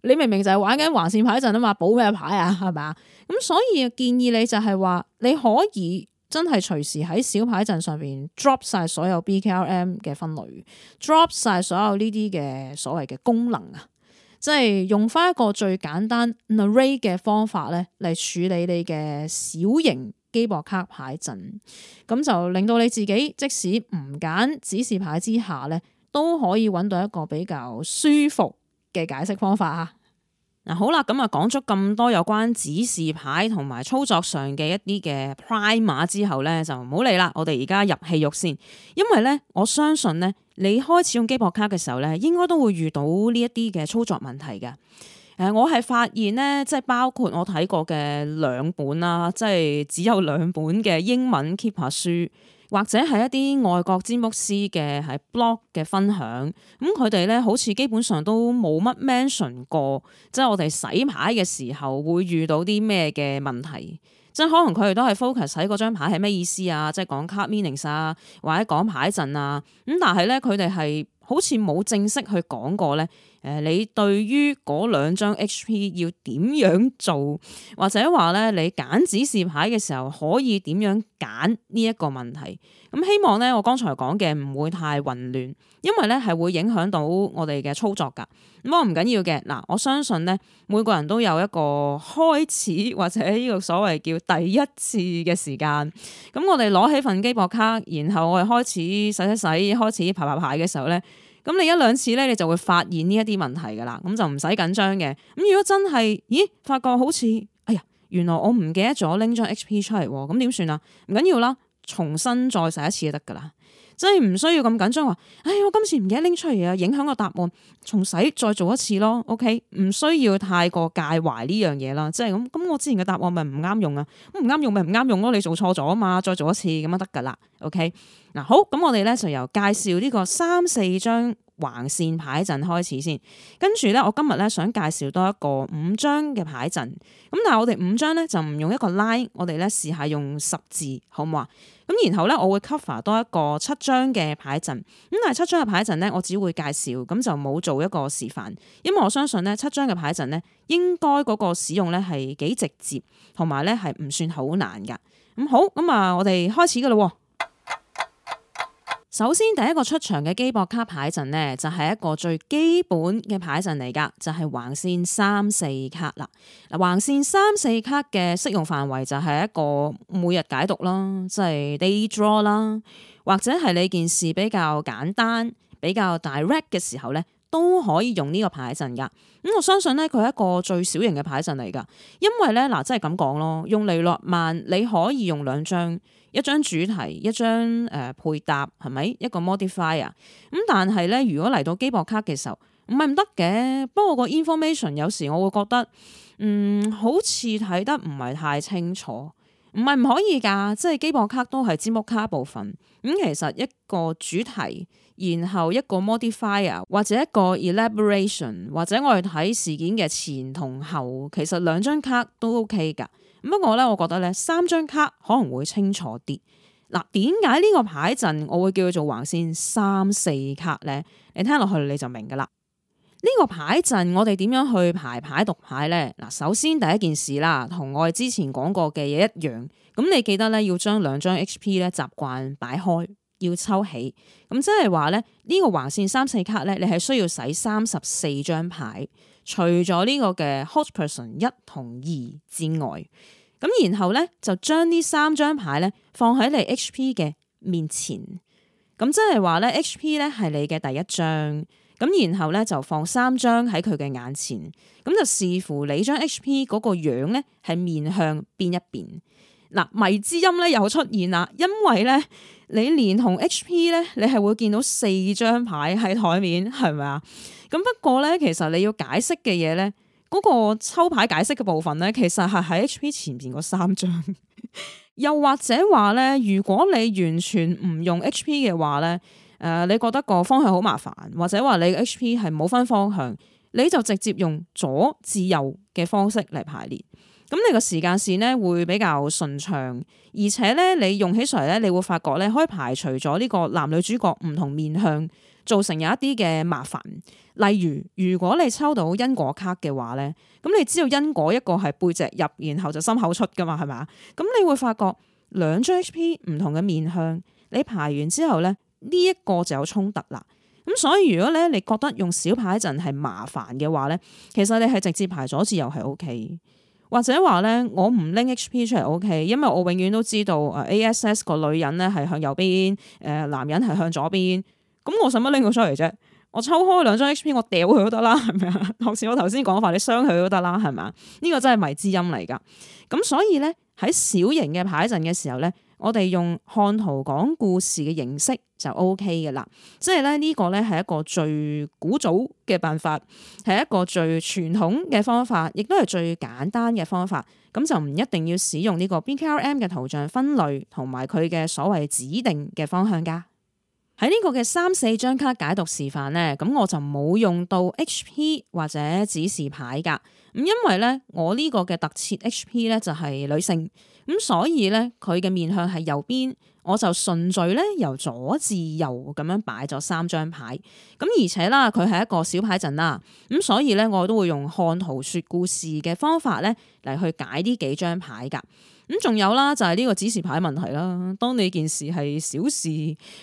S1: 你明明就係玩緊橫線牌一陣啊嘛，補咩牌啊？係咪？咁所以建議你就係話，你可以真係隨時喺小牌陣上面 drop 晒所有 BKLM 嘅分類，drop 晒所有呢啲嘅所謂嘅功能啊，即係用翻一個最簡單 array 嘅方法咧嚟處理你嘅小型機博卡牌陣，咁就令到你自己即使唔揀指示牌之下咧，都可以揾到一個比較舒服嘅解釋方法啊！嗱、啊、好啦，咁啊講咗咁多有關指示牌同埋操作上嘅一啲嘅 prime 碼之後呢，就唔好理啦。我哋而家入戲肉先，因為呢，我相信呢，你開始用機博卡嘅時候呢，應該都會遇到呢一啲嘅操作問題嘅。誒、呃，我係發現呢，即係包括我睇過嘅兩本啦，即係只有兩本嘅英文 keeper 書。或者係一啲外國占卜師嘅係 blog 嘅分享，咁佢哋咧好似基本上都冇乜 mention 過，即係我哋洗牌嘅時候會遇到啲咩嘅問題，即係可能佢哋都係 focus 喺嗰張牌係咩意思啊，即係講 card meanings 啊，或者講牌陣啊，咁但係咧佢哋係。好似冇正式去講過咧，誒，你對於嗰兩張 HP 要點樣做，或者話咧你揀指示牌嘅時候可以點樣揀呢一個問題？咁希望咧，我剛才講嘅唔會太混亂，因為咧係會影響到我哋嘅操作㗎。咁我唔緊要嘅，嗱，我相信咧每個人都有一個開始或者呢個所謂叫第一次嘅時間。咁我哋攞起份機博卡，然後我哋開始洗一洗，開始排排牌嘅時候咧。咁你一兩次咧，你就會發現呢一啲問題噶啦，咁就唔使緊張嘅。咁如果真係，咦，發覺好似，哎呀，原來我唔記得咗拎張 HP 出嚟喎，咁點算啊？唔緊要啦，重新再寫一次就得噶啦。即係唔需要咁緊張，話，唉，我今次唔記得拎出嚟呀，影響個答案，重使再做一次咯，OK，唔需要太過介懷呢樣嘢啦。即係咁，咁我之前嘅答案咪唔啱用啊，唔啱用咪唔啱用咯，你做錯咗啊嘛，再做一次咁樣得噶啦，OK，嗱好，咁我哋咧就由介紹呢個三四張橫線牌陣開始先，跟住咧，我今日咧想介紹多一個五張嘅牌陣，咁但係我哋五張咧就唔用一個拉，我哋咧試下用十字好唔好啊？咁然後咧我會 cover 多一個七張嘅牌陣，咁但係七張嘅牌陣咧我只會介紹，咁就冇做一個示範，因為我相信咧七張嘅牌陣咧應該嗰個使用咧係幾直接，同埋咧係唔算好難噶。咁好，咁啊我哋開始噶啦。首先第一個出場嘅，基博卡牌陣咧，就係一個最基本嘅牌陣嚟噶，就係橫綫三四卡啦。嗱，橫綫三四卡嘅適用範圍就係一個每日解讀啦，即係 day draw 啦，或者係你件事比較簡單，比較 direct 嘅時候咧。都可以用呢個牌陣㗎，咁、嗯、我相信呢，佢係一個最小型嘅牌陣嚟㗎，因為呢，嗱、啊、真係咁講咯，用雷諾曼你可以用兩張，一張主題，一張誒、呃、配搭，係咪一個 modifier？咁、嗯、但係呢，如果嚟到基博卡嘅時候，唔係唔得嘅。不過個 information 有時我會覺得，嗯，好似睇得唔係太清楚，唔係唔可以㗎，即係基博卡都係占卜卡部分。咁、嗯、其實一個主題，然後一個 modifier 或者一個 elaboration 或者我哋睇事件嘅前同後，其實兩張卡都 OK 噶。咁不過咧，我覺得咧三張卡可能會清楚啲。嗱，點解呢個牌陣我會叫佢做橫綫三四卡咧？你聽落去你就明噶啦。呢個牌陣我哋點樣去排牌讀牌咧？嗱，首先第一件事啦，同我哋之前講過嘅嘢一樣。咁你記得咧要將兩張 HP 咧習慣擺開。要抽起，咁即係話咧呢個橫線三四卡咧，你係需要使三十四張牌，除咗呢個嘅 Hot Person 一同二之外，咁然後咧就將呢三張牌咧放喺你 HP 嘅面前，咁即係話咧 HP 咧係你嘅第一張，咁然後咧就放三張喺佢嘅眼前，咁就視乎你張 HP 嗰個樣咧係面向邊一邊，嗱，迷之音咧又出現啦，因為咧。你連同 H.P. 咧，你係會見到四張牌喺枱面，係咪啊？咁不過咧，其實你要解釋嘅嘢咧，嗰、那個抽牌解釋嘅部分咧，其實係喺 H.P. 前邊嗰三張。 又或者話咧，如果你完全唔用 H.P. 嘅話咧，誒、呃，你覺得個方向好麻煩，或者話你嘅 H.P. 係冇分方向，你就直接用左至右嘅方式嚟排列。咁你個時間線咧會比較順暢，而且咧你用起上嚟，咧，你會發覺咧可以排除咗呢個男女主角唔同面向造成有一啲嘅麻煩。例如，如果你抽到因果卡嘅話咧，咁你知道因果一個係背脊入，然後就心口出噶嘛，係咪？咁你會發覺兩張 H P 唔同嘅面向，你排完之後咧呢一個就有衝突啦。咁所以如果咧你覺得用小牌陣係麻煩嘅話咧，其實你係直接排咗次又係 O K。或者話咧，我唔拎 H P 出嚟 O K，因為我永遠都知道誒 A S S 個女人咧係向右邊，誒男人係向左邊，咁我使乜拎佢出嚟啫？我抽開兩張 H P，我掉佢都得啦，係咪啊？好 似我頭先講法，你傷佢都得啦，係咪？呢、這個真係迷之音嚟噶，咁所以咧喺小型嘅牌陣嘅時候咧。我哋用看圖講故事嘅形式就 O K 嘅啦，即係咧呢個咧係一個最古早嘅辦法，係一個最傳統嘅方法，亦都係最簡單嘅方法。咁就唔一定要使用呢個 B K R M 嘅圖像分類同埋佢嘅所謂指定嘅方向噶。喺呢個嘅三四張卡解讀示範呢，咁我就冇用到 H P 或者指示牌噶。咁因為呢，我呢個嘅特設 H P 呢就係女性。咁所以咧，佢嘅面向係右邊，我就順序咧由左至右咁樣擺咗三張牌。咁而且啦，佢係一個小牌陣啦。咁所以咧，我都會用看圖說故事嘅方法咧嚟去解呢幾張牌噶。咁仲有啦，就係呢個指示牌問題啦。當你件事係小事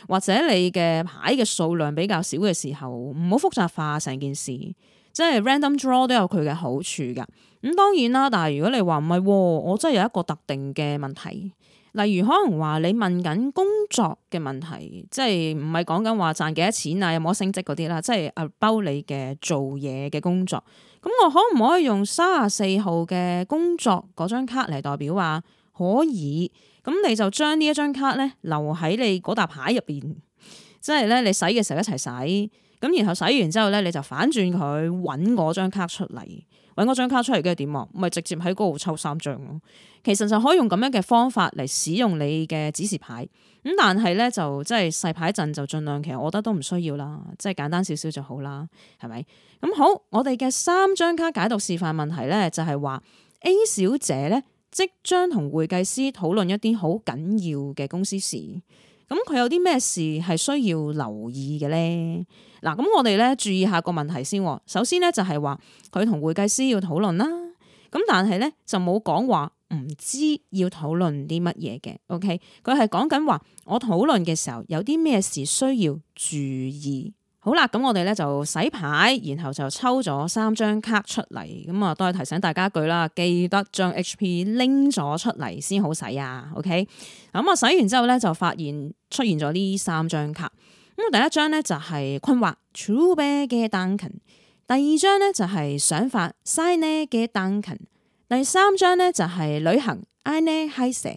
S1: 或者你嘅牌嘅數量比較少嘅時候，唔好複雜化成件事。即係 random draw 都有佢嘅好處噶，咁、嗯、當然啦。但係如果你話唔係，我真係有一個特定嘅問題，例如可能話你問緊工作嘅問題，即係唔係講緊話賺幾多錢啊，有冇升職嗰啲啦？即係啊，包你嘅做嘢嘅工作。咁我可唔可以用三十四號嘅工作嗰張卡嚟代表話可以？咁你就將呢一張卡咧留喺你嗰沓牌入邊，即係咧你洗嘅時候一齊洗。咁然後洗完之後咧，你就反轉佢，搵我張卡出嚟，搵我張卡出嚟，跟住點啊？咪直接喺嗰度抽三張咯。其實就可以用咁樣嘅方法嚟使用你嘅指示牌。咁但係咧，就即係細牌陣就盡量，其實我覺得都唔需要啦，即係簡單少少就好啦，係咪？咁好，我哋嘅三張卡解讀示範問題咧，就係話 A 小姐咧即將同會計師討論一啲好緊要嘅公司事。咁佢有啲咩事係需要留意嘅咧？嗱，咁我哋咧注意下個問題先。首先咧就係話佢同會計師要討論啦。咁但係咧就冇講話唔知要討論啲乜嘢嘅。OK，佢係講緊話我討論嘅時候有啲咩事需要注意。好啦，咁我哋咧就洗牌，然後就抽咗三張卡出嚟。咁啊，都係提醒大家一句啦，記得將 HP 拎咗出嚟先好洗啊。OK，咁我洗完之後咧就發現出現咗呢三張卡。咁第一張咧就係困惑 trouble 嘅單琴；Duncan，第二張咧就係想法，sign 咧嘅單琴；Duncan，第三張咧就係旅行，I 咧係蛇。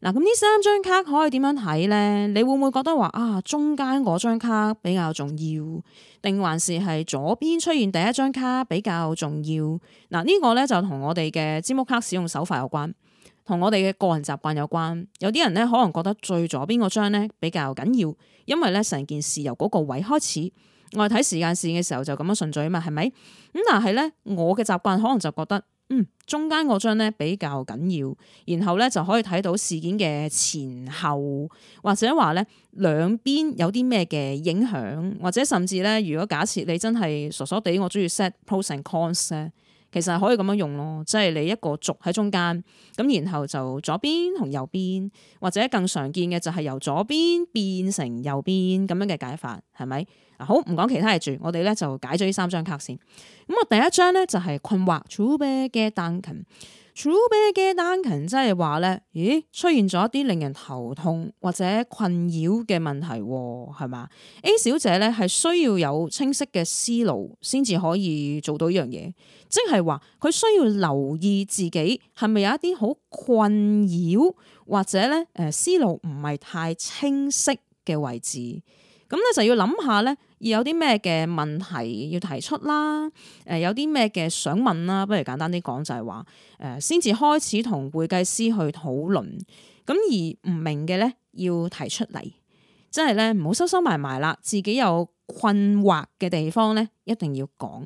S1: 嗱，咁呢三張卡可以點樣睇咧？你會唔會覺得話啊？中間嗰張卡比較重要，定還是係左邊出現第一張卡比較重要？嗱，呢個咧就同我哋嘅占卜卡使用手法有關。同我哋嘅個人習慣有關，有啲人咧可能覺得最左邊嗰張咧比較緊要，因為咧成件事由嗰個位開始，我哋睇時間線嘅時候就咁樣順序啊嘛，係咪？咁但係咧，我嘅習慣可能就覺得，嗯，中間嗰張咧比較緊要，然後咧就可以睇到事件嘅前後，或者話咧兩邊有啲咩嘅影響，或者甚至咧，如果假設你真係傻傻地，我中意 set pros and cons 咧。其實可以咁樣用咯，即係你一個軸喺中間，咁然後就左邊同右邊，或者更常見嘅就係由左邊變成右邊咁樣嘅解法，係咪？啊好，唔講其他嘢住，我哋咧就解咗呢三張卡先。咁我第一張咧就係、是、困惑儲備嘅單琴，儲備嘅單琴即係話咧，咦出現咗一啲令人頭痛或者困擾嘅問題，係嘛？A 小姐咧係需要有清晰嘅思路先至可以做到呢樣嘢。即係話，佢需要留意自己係咪有一啲好困擾或者咧，誒思路唔係太清晰嘅位置。咁咧就要諗下咧，要有啲咩嘅問題要提出啦。誒，有啲咩嘅想問啦，不如簡單啲講就係話，誒，先至開始同會計師去討論。咁而唔明嘅咧，要提出嚟，即係咧，唔好收收埋埋啦。自己有困惑嘅地方咧，一定要講。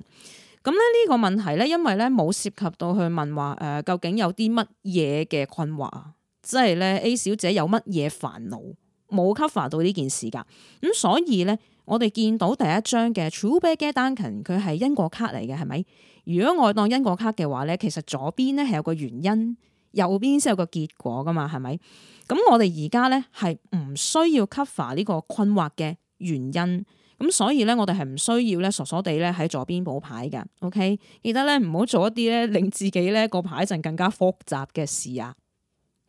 S1: 咁咧呢個問題咧，因為咧冇涉及到去問話，誒，究竟有啲乜嘢嘅困惑啊？即係咧 A 小姐有乜嘢煩惱，冇 cover 到呢件事噶。咁所以咧，我哋見到第一張嘅 True b e e g e t e n s i n，佢係因果卡嚟嘅，係咪？如果我當因果卡嘅話咧，其實左邊咧係有個原因，右邊先有個結果噶嘛，係咪？咁我哋而家咧係唔需要 cover 呢個困惑嘅原因。咁所以咧，我哋係唔需要咧傻傻地咧喺左邊補牌嘅，OK？記得咧唔好做一啲咧令自己咧個牌陣更加複雜嘅事啊！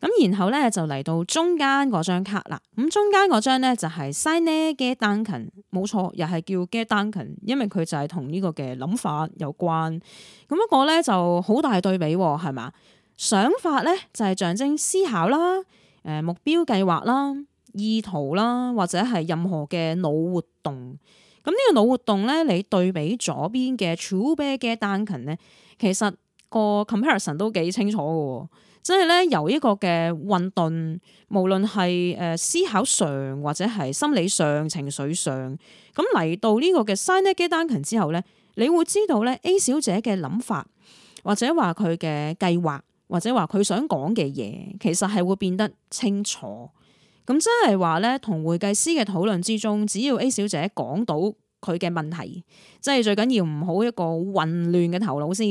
S1: 咁然後咧就嚟到中間嗰張卡啦。咁中間嗰張咧就係 signer 嘅丹琴，冇錯，又係叫嘅丹琴，因為佢就係同呢個嘅諗法有關。咁一個咧就好大對比喎，係嘛？想法咧就係象徵思考啦，誒目標計劃啦。意圖啦，或者係任何嘅腦活動。咁、這、呢個腦活動咧，你對比左邊嘅 True b a l i g e Duncan 咧，其實個 comparison 都幾清楚嘅。即係咧，由一個嘅運動，無論係誒思考上，或者係心理上、情緒上，咁嚟到呢個嘅 Signet b e l i g e Duncan 之後咧，你會知道咧 A 小姐嘅諗法，或者話佢嘅計劃，或者話佢想講嘅嘢，其實係會變得清楚。咁即係話咧，同會計師嘅討論之中，只要 A 小姐講到佢嘅問題，即係最緊要唔好一個混亂嘅頭腦先。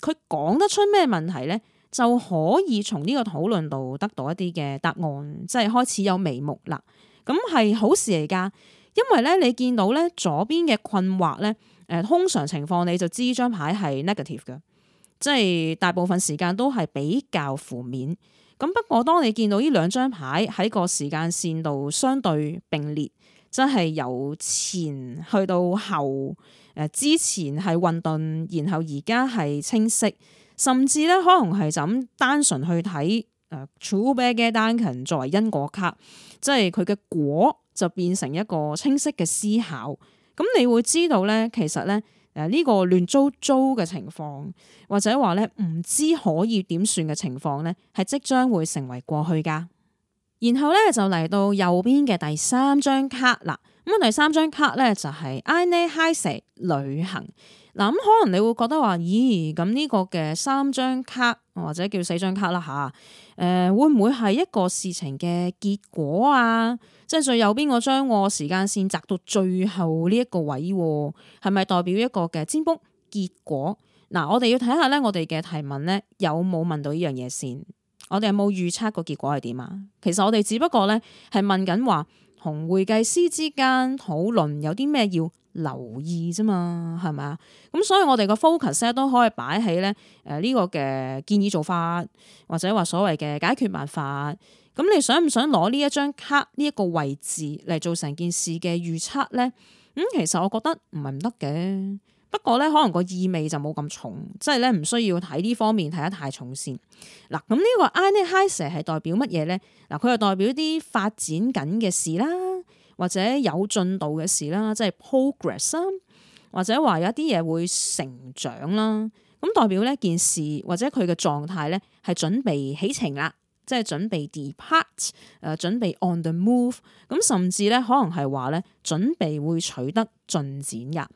S1: 佢講得出咩問題咧，就可以從呢個討論度得到一啲嘅答案，即係開始有眉目啦。咁係好事嚟噶，因為咧你見到咧左邊嘅困惑咧，誒，通常情況你就知張牌係 negative 嘅，即係大部分時間都係比較負面。咁不過，當你見到呢兩張牌喺個時間線度相對並列，真係由前去到後誒，之前係混沌，然後而家係清晰，甚至咧可能係就咁單純去睇誒，楚啤嘅單作為因果卡，即係佢嘅果就變成一個清晰嘅思考。咁你會知道咧，其實咧。呢個亂糟糟嘅情況，或者話咧唔知可以點算嘅情況咧，係即將會成為過去㗎。然後咧就嚟到右邊嘅第三張卡喇。咁第三張卡咧就係 I N E H I g S 旅行嗱，咁可能你會覺得話咦，咁呢個嘅三張卡或者叫四張卡啦吓，誒、啊，會唔會係一個事情嘅結果啊？即係最右邊嗰張，我時間線擇到最後呢一個位，啊，係咪代表一個嘅占卜結果？嗱，啊，我哋要睇下咧，我哋嘅提問咧有冇問到呢樣嘢先？我哋有冇預測個結果係點啊？其實我哋只不過咧係問緊話。同會計師之間討論有啲咩要留意啫嘛，係咪啊？咁所以我哋個 focus 都可以擺喺呢誒呢個嘅建議做法，或者話所謂嘅解決辦法。咁你想唔想攞呢一張卡呢一個位置嚟做成件事嘅預測呢？咁、嗯、其實我覺得唔係唔得嘅。不過咧，可能個意味就冇咁重，即係咧唔需要睇呢方面睇得太重先嗱。咁、這、呢個 I n a l y s e r 係代表乜嘢咧？嗱，佢係代表啲發展緊嘅事啦，或者有進度嘅事啦，即係 progress 啦，或者話有一啲嘢會成長啦。咁代表呢件事或者佢嘅狀態咧係準備起程啦，即係準備 depart，誒準備 on the move。咁甚至咧可能係話咧準備會取得進展呀。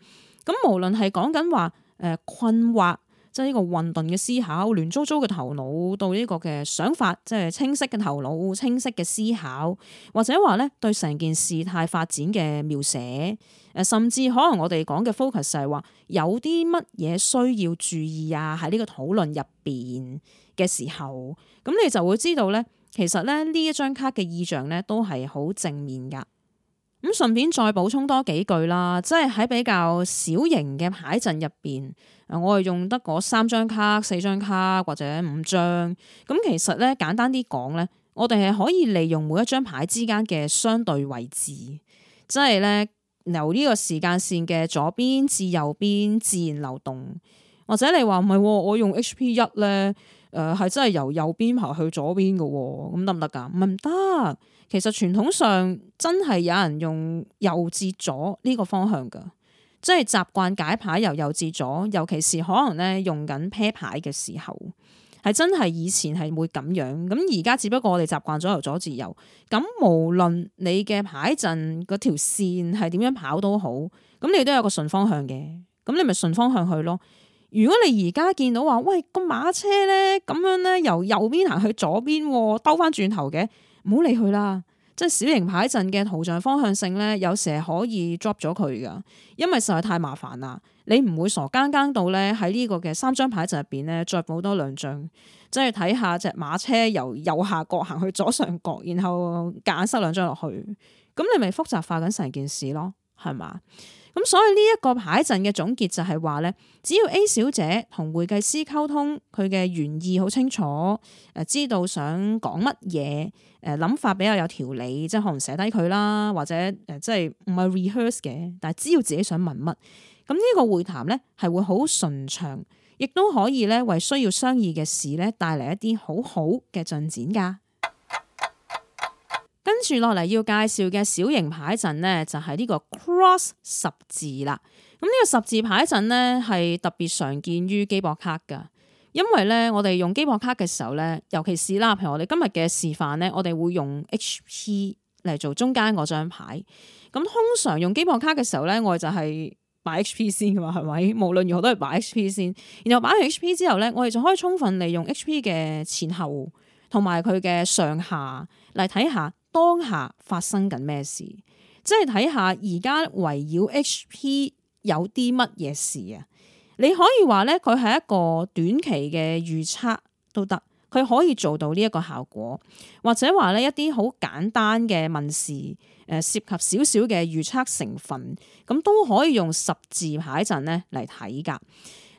S1: 咁無論係講緊話誒困惑，即係呢個混沌嘅思考，亂糟糟嘅頭腦到呢個嘅想法，即係清晰嘅頭腦，清晰嘅思考，或者話咧對成件事態發展嘅描寫，誒甚至可能我哋講嘅 focus 就係話有啲乜嘢需要注意啊，喺呢個討論入邊嘅時候，咁你就會知道咧，其實咧呢一張卡嘅意象咧都係好正面噶。咁順便再補充多幾句啦，即係喺比較小型嘅牌陣入邊，我係用得嗰三張卡、四張卡或者五張。咁其實咧，簡單啲講咧，我哋係可以利用每一張牌之間嘅相對位置，即係咧由呢個時間線嘅左邊至右邊自然流動，或者你話唔係喎，我用 HP1 咧，誒、呃、係真係由右邊排去左邊嘅、哦，咁得唔得噶？唔係唔得。其實傳統上真係有人用右至左呢個方向噶，即係習慣解牌由右至左，尤其是可能咧用緊啤牌嘅時候，係真係以前係會咁樣。咁而家只不過我哋習慣咗由左至右。咁無論你嘅牌陣嗰條線係點樣跑都好，咁你都有個順方向嘅。咁你咪順方向去咯。如果你而家見到話，喂，個馬車咧，咁樣咧由右邊行去左邊，兜翻轉頭嘅。唔好理佢啦，即係小型牌陣嘅圖像方向性呢，有時係可以 drop 咗佢噶，因為實在太麻煩啦。你唔會傻更更到呢，喺呢個嘅三張牌陣入邊呢，再補多兩張，即係睇下隻馬車由右下角行去左上角，然後夾硬塞兩張落去，咁你咪複雜化緊成件事咯，係嘛？咁所以呢一個牌陣嘅總結就係話咧，只要 A 小姐同會計師溝通，佢嘅原意好清楚，誒知道想講乜嘢，誒諗法比較有條理，即係可能寫低佢啦，或者誒即係唔係 rehearse 嘅，但係知道自己想問乜，咁呢一個會談咧係會好順暢，亦都可以咧為需要商議嘅事咧帶嚟一啲好好嘅進展噶。跟住落嚟要介紹嘅小型牌陣咧，就係呢個 cross 十字啦。咁呢個十字牌陣咧，係特別常見於機博卡噶。因為咧，我哋用機博卡嘅時候咧，尤其是啦，譬如我哋今日嘅示範咧，我哋會用 H P 嚟做中間嗰張牌。咁通常用機博卡嘅時候咧，我哋就係擺 H P 先噶嘛，係咪？無論如何都係擺 H P 先。然後擺完 H P 之後咧，我哋就可以充分利用 H P 嘅前後同埋佢嘅上下嚟睇下。當下發生緊咩事？即係睇下而家圍繞 H.P 有啲乜嘢事啊？你可以話咧，佢係一個短期嘅預測都得，佢可以做到呢一個效果，或者話咧一啲好簡單嘅問事，誒，涉及少少嘅預測成分，咁都可以用十字牌陣咧嚟睇噶。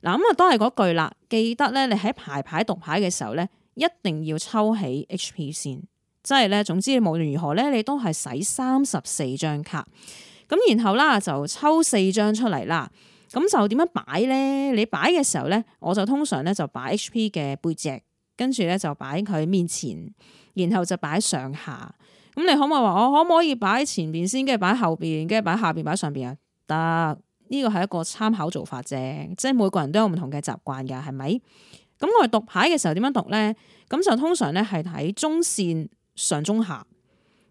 S1: 嗱，咁啊都係嗰句啦，記得咧，你喺排牌讀牌嘅時候咧，一定要抽起 H.P 先。即係咧，總之你無論如何咧，你都係洗三十四張卡，咁然後啦就抽四張出嚟啦，咁就點樣擺咧？你擺嘅時候咧，我就通常咧就擺 HP 嘅背脊，跟住咧就擺佢面前，然後就擺喺上下。咁你可唔可以話我可唔可以擺喺前邊先，跟住擺喺後邊，跟住擺喺下邊，擺喺上邊啊？得，呢個係一個參考做法啫，即係每個人都有唔同嘅習慣噶，係咪？咁我哋讀牌嘅時候點樣讀咧？咁就通常咧係睇中線。上中下，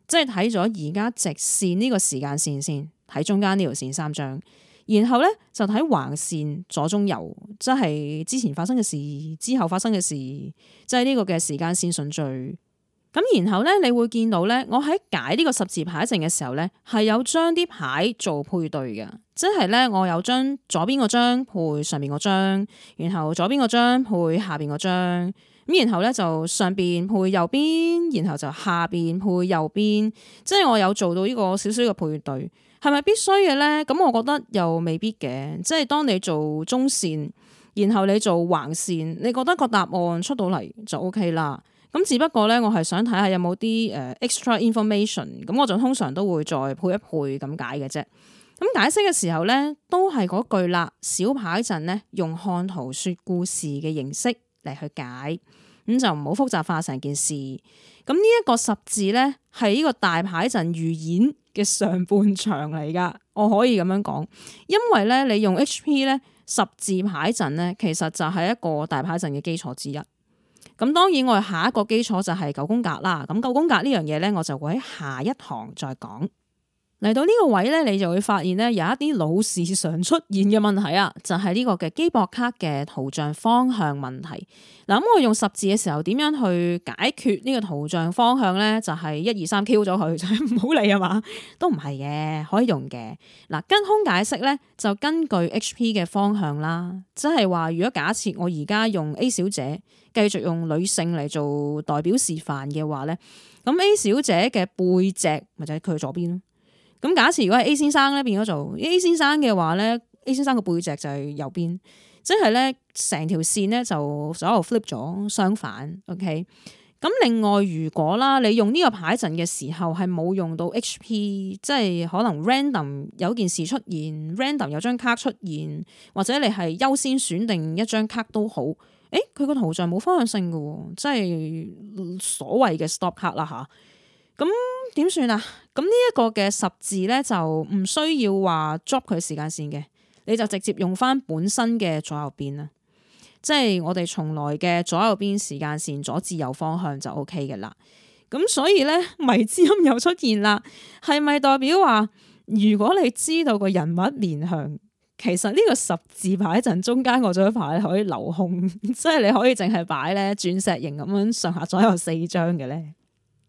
S1: 即係睇咗而家直線呢個時間線先，睇中間呢條線三張，然後呢就睇橫線左中右，即係之前發生嘅事，之後發生嘅事，即係呢個嘅時間線順序。咁然後呢，你會見到呢，我喺解呢個十字牌陣嘅時候呢，係有將啲牌做配對嘅，即係呢我有將左邊嗰張配上面嗰張，然後左邊嗰張配下邊嗰張。咁然後咧就上邊配右邊，然後就下邊配右邊，即係我有做到呢個少少嘅配對，係咪必須嘅咧？咁我覺得又未必嘅，即係當你做中線，然後你做橫線，你覺得個答案出到嚟就 OK 啦。咁只不過咧，我係想睇下有冇啲誒 extra information，咁我就通常都會再配一配咁解嘅啫。咁解釋嘅時候咧，都係嗰句啦，小牌陣咧用看圖說故事嘅形式。嚟去解，咁就唔好複雜化成件事。咁呢一個十字呢，係呢個大牌陣預演嘅上半場嚟噶，我可以咁樣講。因為呢，你用 H.P. 呢，十字牌陣呢，其實就係一個大牌陣嘅基礎之一。咁當然，我哋下一個基礎就係九宮格啦。咁九宮格呢樣嘢呢，我就會喺下一堂再講。嚟到呢個位咧，你就會發現咧有一啲老事常出現嘅問題啊，就係、是、呢個嘅基博卡嘅圖像方向問題。嗱、嗯，咁我用十字嘅時候，點樣去解決呢個圖像方向咧？就係一二三 Q 咗佢，就係唔好理啊嘛，都唔係嘅，可以用嘅。嗱、嗯，跟空解釋咧，就根據 HP 嘅方向啦，即係話如果假設我而家用 A 小姐繼續用女性嚟做代表示範嘅話咧，咁 A 小姐嘅背脊咪就喺、是、佢左邊咯。咁假設如果係 A 先生咧，變咗做 A 先生嘅話咧，A 先生個背脊就係右邊，即係咧成條線咧就所有 flip 咗，相反，OK。咁另外如果啦，你用呢個牌陣嘅時候係冇用到 HP，即係可能 random 有件事出現，random 有張卡出現，或者你係優先選定一張卡都好，誒佢個圖像冇方向性嘅喎，即係所謂嘅 stop 卡 a 啦嚇。咁點算啊？咁呢一個嘅十字咧，就唔需要話捉佢時間線嘅，你就直接用翻本身嘅左右邊啦。即係我哋從來嘅左右邊時間線左至右方向就 OK 嘅啦。咁所以咧，迷之音又出現啦，係咪代表話如果你知道個人物連向，其實呢個十字擺一陣中間嗰張牌可以留空，即 係你可以淨係擺咧鑽石形咁樣上下左右四張嘅咧。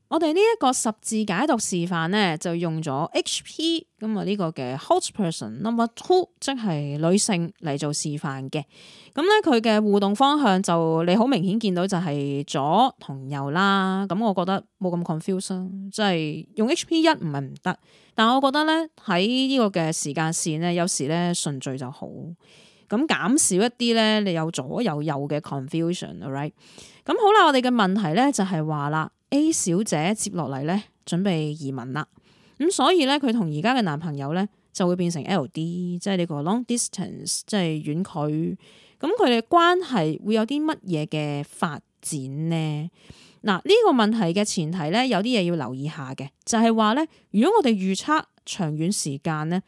S1: 我哋呢一個十字解讀示範呢，就用咗 H.P. 咁啊呢個嘅 Hot Person Number Two，即係女性嚟做示範嘅。咁、嗯、呢，佢嘅互動方向就你好明顯見到就係左同右啦。咁、嗯、我覺得冇咁 confusion，即係、就是、用 H.P. 一唔係唔得。但我覺得呢，喺呢個嘅時間線呢，有時呢順序就好，咁、嗯、減少一啲呢，你有左右、右嘅 confusion。Alright，咁好啦，我哋嘅問題呢，就係、是、話啦。A 小姐接落嚟呢，準備移民啦，咁所以呢，佢同而家嘅男朋友呢，就會變成 LD，即係呢個 long distance，即係遠距，咁佢哋關係會有啲乜嘢嘅發展呢？嗱，呢個問題嘅前提呢，有啲嘢要留意下嘅，就係話呢，如果我哋預測長遠時間呢，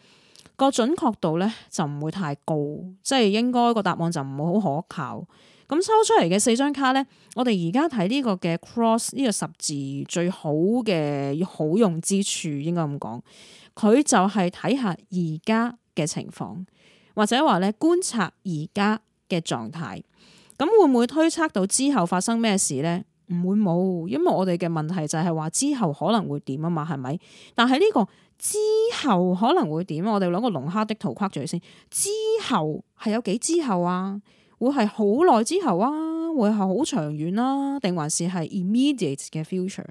S1: 個準確度呢，就唔會太高，即係應該個答案就唔會好可靠。咁抽出嚟嘅四張卡呢，我哋而家睇呢個嘅 cross 呢個十字最好嘅好用之處，應該咁講，佢就係睇下而家嘅情況，或者話呢，觀察而家嘅狀態，咁會唔會推測到之後發生咩事呢？唔會冇，因為我哋嘅問題就係話之後可能會點啊嘛，係咪？但係呢個之後可能會點？我哋攞個龍蝦的圖框住佢先，之後係有幾之後啊？會係好耐之後啊，會係好長遠啦，定還是係 immediate 嘅 future？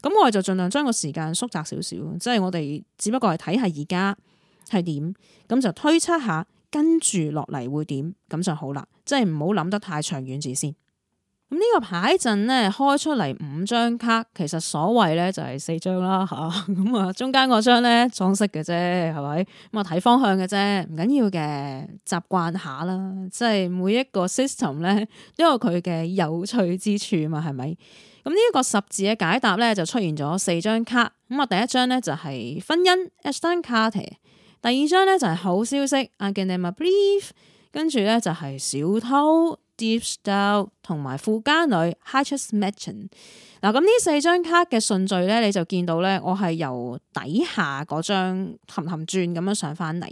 S1: 咁我哋就盡量將個時間縮窄少少，即係我哋只不過係睇下而家係點，咁就推測下跟住落嚟會點，咁就好啦。即係唔好諗得太長遠住先。咁呢個牌陣咧開出嚟五張卡，其實所謂咧就係四張啦吓，咁啊中間嗰張咧裝飾嘅啫，係咪？咁啊睇方向嘅啫，唔緊要嘅，習慣下啦。即係每一個 system 咧，都有佢嘅有趣之處嘛，係咪？咁呢一個十字嘅解答咧，就出現咗四張卡。咁啊，第一張咧就係婚姻 Hunt Carter；第二張咧就係好消息 Agreement Brief；跟住咧就係小偷。Deep style 同埋富家女，High Trust Matching。嗱，咁呢四張卡嘅順序咧，你就見到咧，我係由底下嗰張氹氹轉咁樣上翻嚟。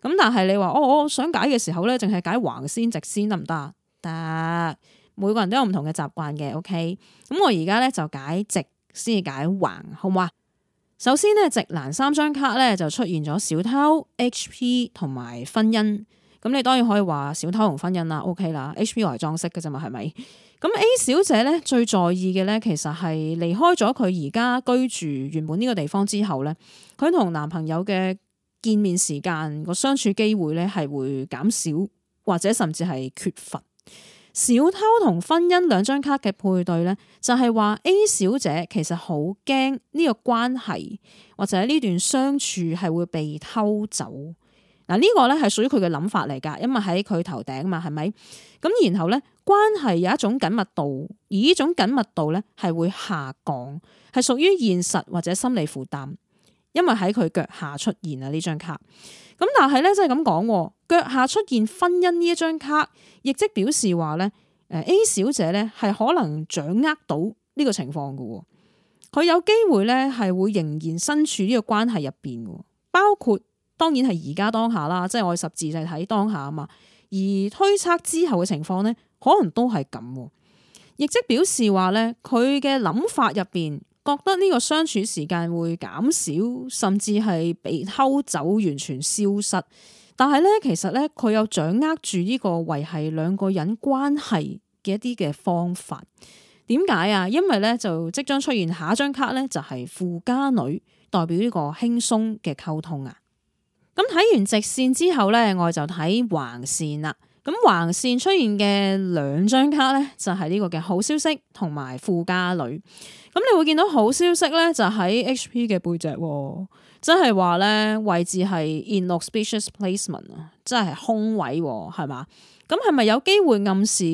S1: 咁但係你話，哦，我想解嘅時候咧，淨係解橫先，直先得唔得？得，每個人都有唔同嘅習慣嘅。OK，咁我而家咧就解直先，至解橫好唔好啊？首先呢，直欄三張卡咧就出現咗小偷、HP 同埋婚姻。咁你當然可以話小偷同婚姻啦，OK 啦，H.P 來裝飾嘅啫嘛，係咪？咁 A 小姐咧最在意嘅咧，其實係離開咗佢而家居住原本呢個地方之後咧，佢同男朋友嘅見面時間、個相處機會咧係會減少，或者甚至係缺乏。小偷同婚姻兩張卡嘅配對咧，就係話 A 小姐其實好驚呢個關係或者呢段相處係會被偷走。嗱，呢個咧係屬於佢嘅諗法嚟噶，因為喺佢頭頂啊嘛，係咪？咁然後咧關係有一種緊密度，而呢種緊密度咧係會下降，係屬於現實或者心理負擔，因為喺佢腳下出現啊呢張卡。咁但係咧即係咁講，腳下出現婚姻呢一張卡，亦即表示話咧，誒 A 小姐咧係可能掌握到呢個情況噶，佢有機會咧係會仍然身處呢個關係入邊噶，包括。當然係而家當下啦，即係我哋十字就係睇當下啊嘛。而推測之後嘅情況呢，可能都係咁。亦即表示話呢，佢嘅諗法入邊覺得呢個相處時間會減少，甚至係被偷走、完全消失。但係呢，其實呢，佢有掌握住呢個維係兩個人關係嘅一啲嘅方法。點解啊？因為呢，就即將出現下一張卡呢，就係富家女，代表呢個輕鬆嘅溝通啊。咁睇完直線之後呢，我就睇橫線啦。咁橫線出現嘅兩張卡呢，就係、是、呢個嘅好消息同埋附加女。咁你會見到好消息呢，就喺 HP 嘅背脊，真係話呢，位置係 inauspicious placement 啊,真係空位係嘛？咁係咪有機會暗示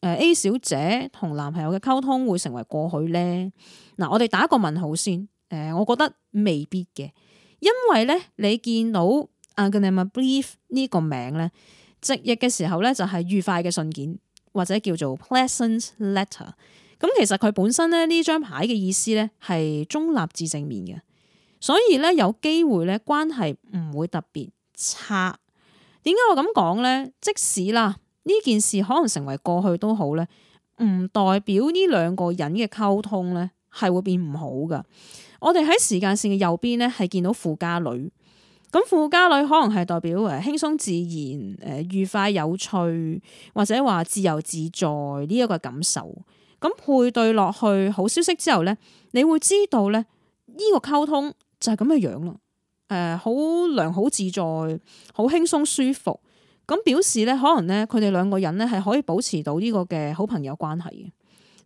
S1: A 小姐同男朋友嘅溝通會成為過去呢？嗱，我哋打一個問號先。我覺得未必嘅。因為咧，你見到啊，Graham Brief 呢個名咧，直譯嘅時候咧就係愉快嘅信件，或者叫做 pleasant letter。咁其實佢本身咧呢張牌嘅意思咧係中立至正面嘅，所以咧有機會咧關係唔會特別差。點解我咁講咧？即使啦呢件事可能成為過去都好咧，唔代表呢兩個人嘅溝通咧。係會變唔好噶。我哋喺時間線嘅右邊咧，係見到富家女。咁富家女可能係代表誒輕鬆自然、誒愉快有趣，或者話自由自在呢一個感受。咁配對落去好消息之後咧，你會知道咧呢個溝通就係咁嘅樣咯。誒，好良好自在，好輕鬆舒服。咁表示咧，可能咧佢哋兩個人咧係可以保持到呢個嘅好朋友關係嘅。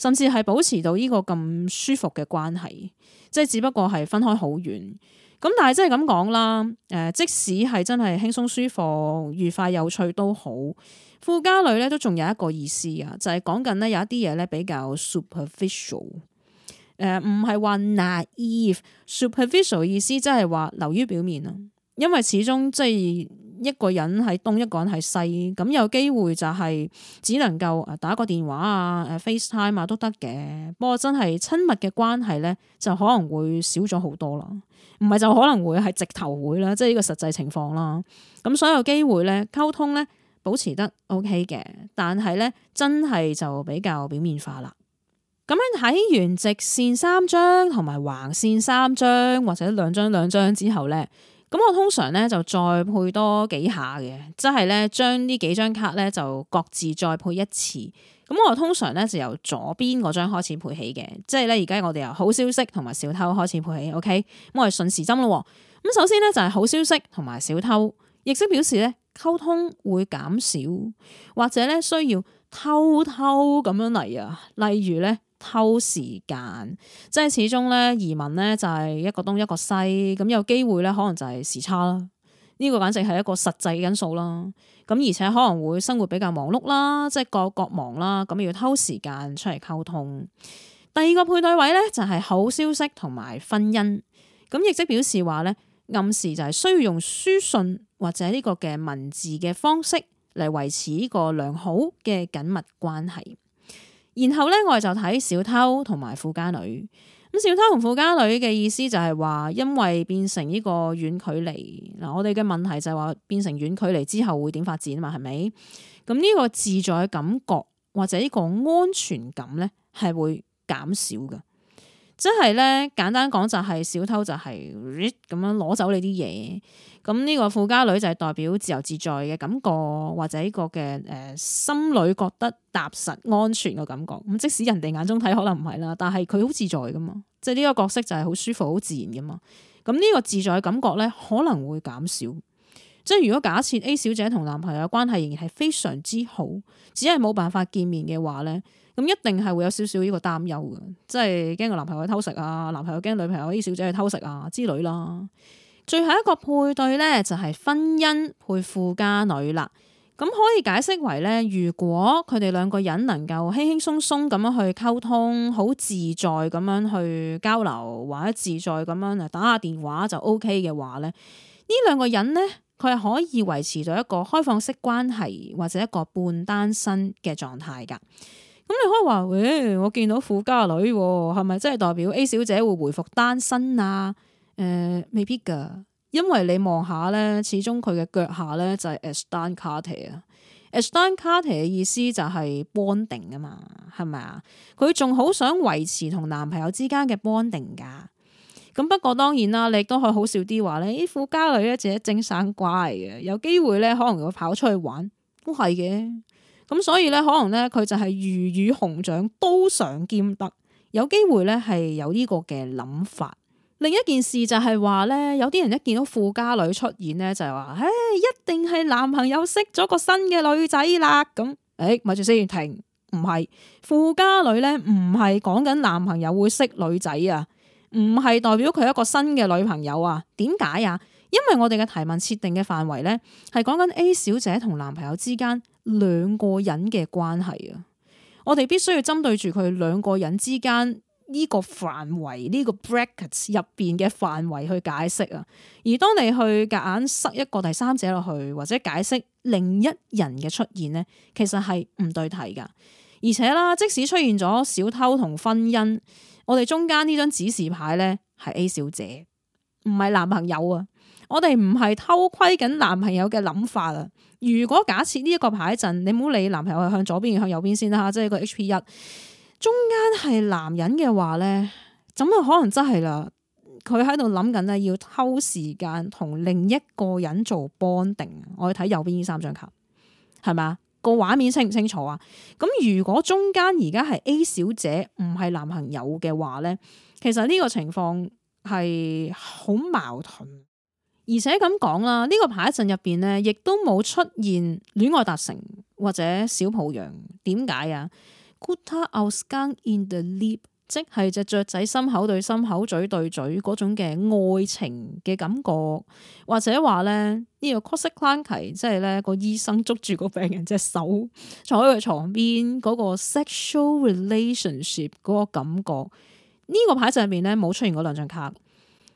S1: 甚至係保持到呢個咁舒服嘅關係，即係只不過係分開好遠咁。但係真係咁講啦，誒，即使係真係輕鬆舒服、愉快有趣都好，富家女咧都仲有一個意思啊，就係講緊呢有一啲嘢咧比較 superficial，誒，唔係話 naive superficial 意思即係話留於表面啊，因為始終即係。一個人喺東，一個人喺西，咁有機會就係只能夠誒打個電話啊，誒 FaceTime 啊 Face Time 都得嘅。不過真係親密嘅關係咧，就可能會少咗好多啦。唔係就可能會係直頭會啦，即係呢個實際情況啦。咁所有機會咧，溝通咧保持得 OK 嘅，但係咧真係就比較表面化啦。咁樣睇完直線三張同埋橫線三張，或者兩張兩張之後咧。咁我通常咧就再配多幾下嘅，即係咧將呢幾張卡咧就各自再配一次。咁我通常咧就由左邊嗰張開始配起嘅，即係咧而家我哋由好消息同埋小偷開始配起，OK？咁我哋順時針咯。咁首先咧就係好消息同埋小偷，亦即表示咧溝通會減少，或者咧需要偷偷咁樣嚟，啊，例如咧。偷時間，即係始終咧移民咧就係一個東一個西，咁有機會咧可能就係時差啦。呢個簡直係一個實際因素啦，咁而且可能會生活比較忙碌啦，即係各各忙啦，咁要偷時間出嚟溝通。第二個配對位咧就係好消息同埋婚姻，咁亦即表示話咧，暗示就係需要用書信或者呢個嘅文字嘅方式嚟維持呢個良好嘅緊密關係。然後咧，我哋就睇小偷同埋富家女。咁小偷同富家女嘅意思就係話，因為變成呢個遠距離嗱，我哋嘅問題就係話，變成遠距離之後會點發展啊？嘛係咪？咁、這、呢個自在嘅感覺或者呢個安全感咧，係會減少嘅。即係咧，簡單講就係小偷就係、是、呃、咁樣攞走你啲嘢。咁呢個富家女就係代表自由自在嘅感覺，或者個嘅誒、呃、心裏覺得踏實安全嘅感覺。咁即使人哋眼中睇可能唔係啦，但係佢好自在噶嘛，即係呢個角色就係好舒服、好自然噶嘛。咁呢個自在嘅感覺咧，可能會減少。即係如果假設 A 小姐同男朋友關係仍然係非常之好，只係冇辦法見面嘅話咧。咁一定係會有少少呢個擔憂嘅，即係驚個男朋友去偷食啊，男朋友驚女朋友啲小姐去偷食啊之類啦。最後一個配對呢，就係婚姻配富家女啦。咁可以解釋為呢：如果佢哋兩個人能夠輕輕鬆鬆咁樣去溝通，好自在咁樣去交流，或者自在咁樣打下電話就 OK 嘅話呢，呢兩個人呢，佢係可以維持到一個開放式關係或者一個半單身嘅狀態噶。咁你可以話，喂、欸，我見到富家女，係咪真係代表 A 小姐會回復單身啊？誒、呃，未必噶，因為你望下咧，始終佢嘅腳下咧就係 s t a n card t 啊 s t a n card t 嘅意思就係 bonding 啊嘛，係咪啊？佢仲好想維持同男朋友之間嘅 bonding 噶。咁不過當然啦，你亦都可以好少啲話咧，富家女咧，自己正散怪嘅，有機會咧，可能佢會跑出去玩都係嘅。咁所以咧，可能咧，佢就係魚與熊掌都想兼得，有機會咧係有呢個嘅諗法。另一件事就係話咧，有啲人一見到富家女出現咧，就係、是、話，誒、欸，一定係男朋友識咗個新嘅女仔啦。咁、欸，誒，咪住先，停，唔係富家女咧，唔係講緊男朋友會識女仔啊，唔係代表佢一個新嘅女朋友啊？點解啊？因為我哋嘅提問設定嘅範圍咧，係講緊 A 小姐同男朋友之間。兩個人嘅關係啊，我哋必須要針對住佢兩個人之間呢個範圍呢個 brackets 入邊嘅範圍去解釋啊。而當你去夾硬,硬塞一個第三者落去，或者解釋另一人嘅出現呢，其實係唔對題噶。而且啦，即使出現咗小偷同婚姻，我哋中間呢張指示牌呢，係 A 小姐，唔係男朋友啊。我哋唔係偷窺緊男朋友嘅諗法啊！如果假設呢一個牌陣，你唔好理男朋友係向左邊向右邊先啦，即係個 HP1 中間係男人嘅話咧，咁啊可能真係啦，佢喺度諗緊咧要偷時間同另一個人做 bonding。我去睇右邊呢三張卡，係咪啊？個畫面清唔清楚啊？咁如果中間而家係 A 小姐唔係男朋友嘅話咧，其實呢個情況係好矛盾。而且咁講啦，呢、這個牌陣入邊咧，亦都冇出現戀愛達成或者小抱養。點解啊？Good House Gang in the lip，即係隻雀仔心口對心口嘴對嘴嗰種嘅愛情嘅感覺，或者話咧呢個 cosmic crank 即係咧個醫生捉住個病人隻手坐喺佢床邊嗰、那個 sexual relationship 嗰個感覺，呢、這個牌上邊咧冇出現嗰兩張卡。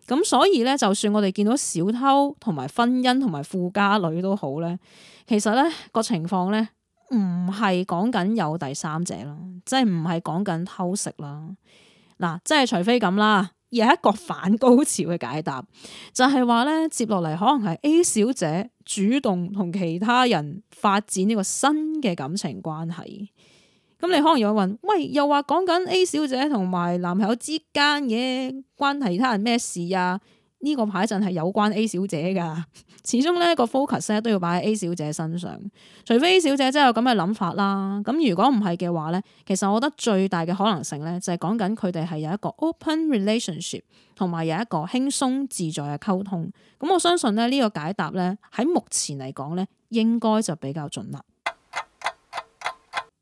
S1: 咁所以咧，就算我哋見到小偷同埋婚姻同埋富家女都好咧，其實咧個情況咧唔係講緊有第三者咯，即係唔係講緊偷食啦。嗱，即係除非咁啦，而係一個反高潮嘅解答，就係話咧接落嚟可能係 A 小姐主動同其他人發展呢個新嘅感情關係。咁你可能又會問，喂，又話講緊 A 小姐同埋男朋友之間嘅關其他人咩事啊？呢、這個牌陣係有關 A 小姐噶。 始終呢、這個 focus 都要擺喺 A 小姐身上，除非 A 小姐真係有咁嘅諗法啦。咁如果唔係嘅話呢，其實我覺得最大嘅可能性呢，就係講緊佢哋係有一個 open relationship，同埋有一個輕鬆自在嘅溝通。咁我相信咧呢、這個解答呢，喺目前嚟講呢，應該就比較準啦。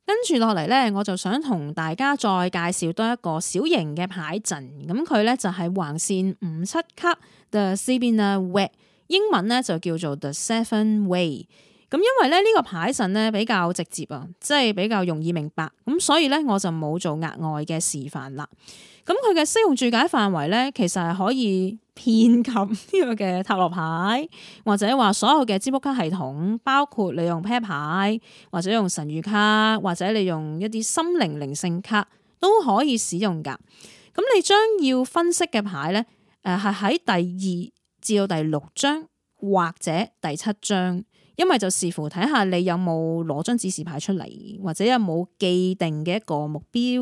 S1: 跟住落嚟呢，我就想同大家再介紹多一個小型嘅牌陣，咁佢呢就係橫線五七級嘅 CBA Way，英文呢就叫做 The Seven Way。咁因為咧，呢個牌陣呢，比較直接啊，即係比較容易明白，咁所以呢，我就冇做額外嘅示範啦。咁佢嘅適用注解範圍咧，其實係可以遍及呢個嘅塔羅牌，或者話所有嘅占卜卡系統，包括你用啤牌，或者用神諭卡，或者你用一啲心靈靈性卡都可以使用噶。咁你將要分析嘅牌咧，誒係喺第二至到第六章或者第七章，因為就視乎睇下你有冇攞張指示牌出嚟，或者有冇既定嘅一個目標，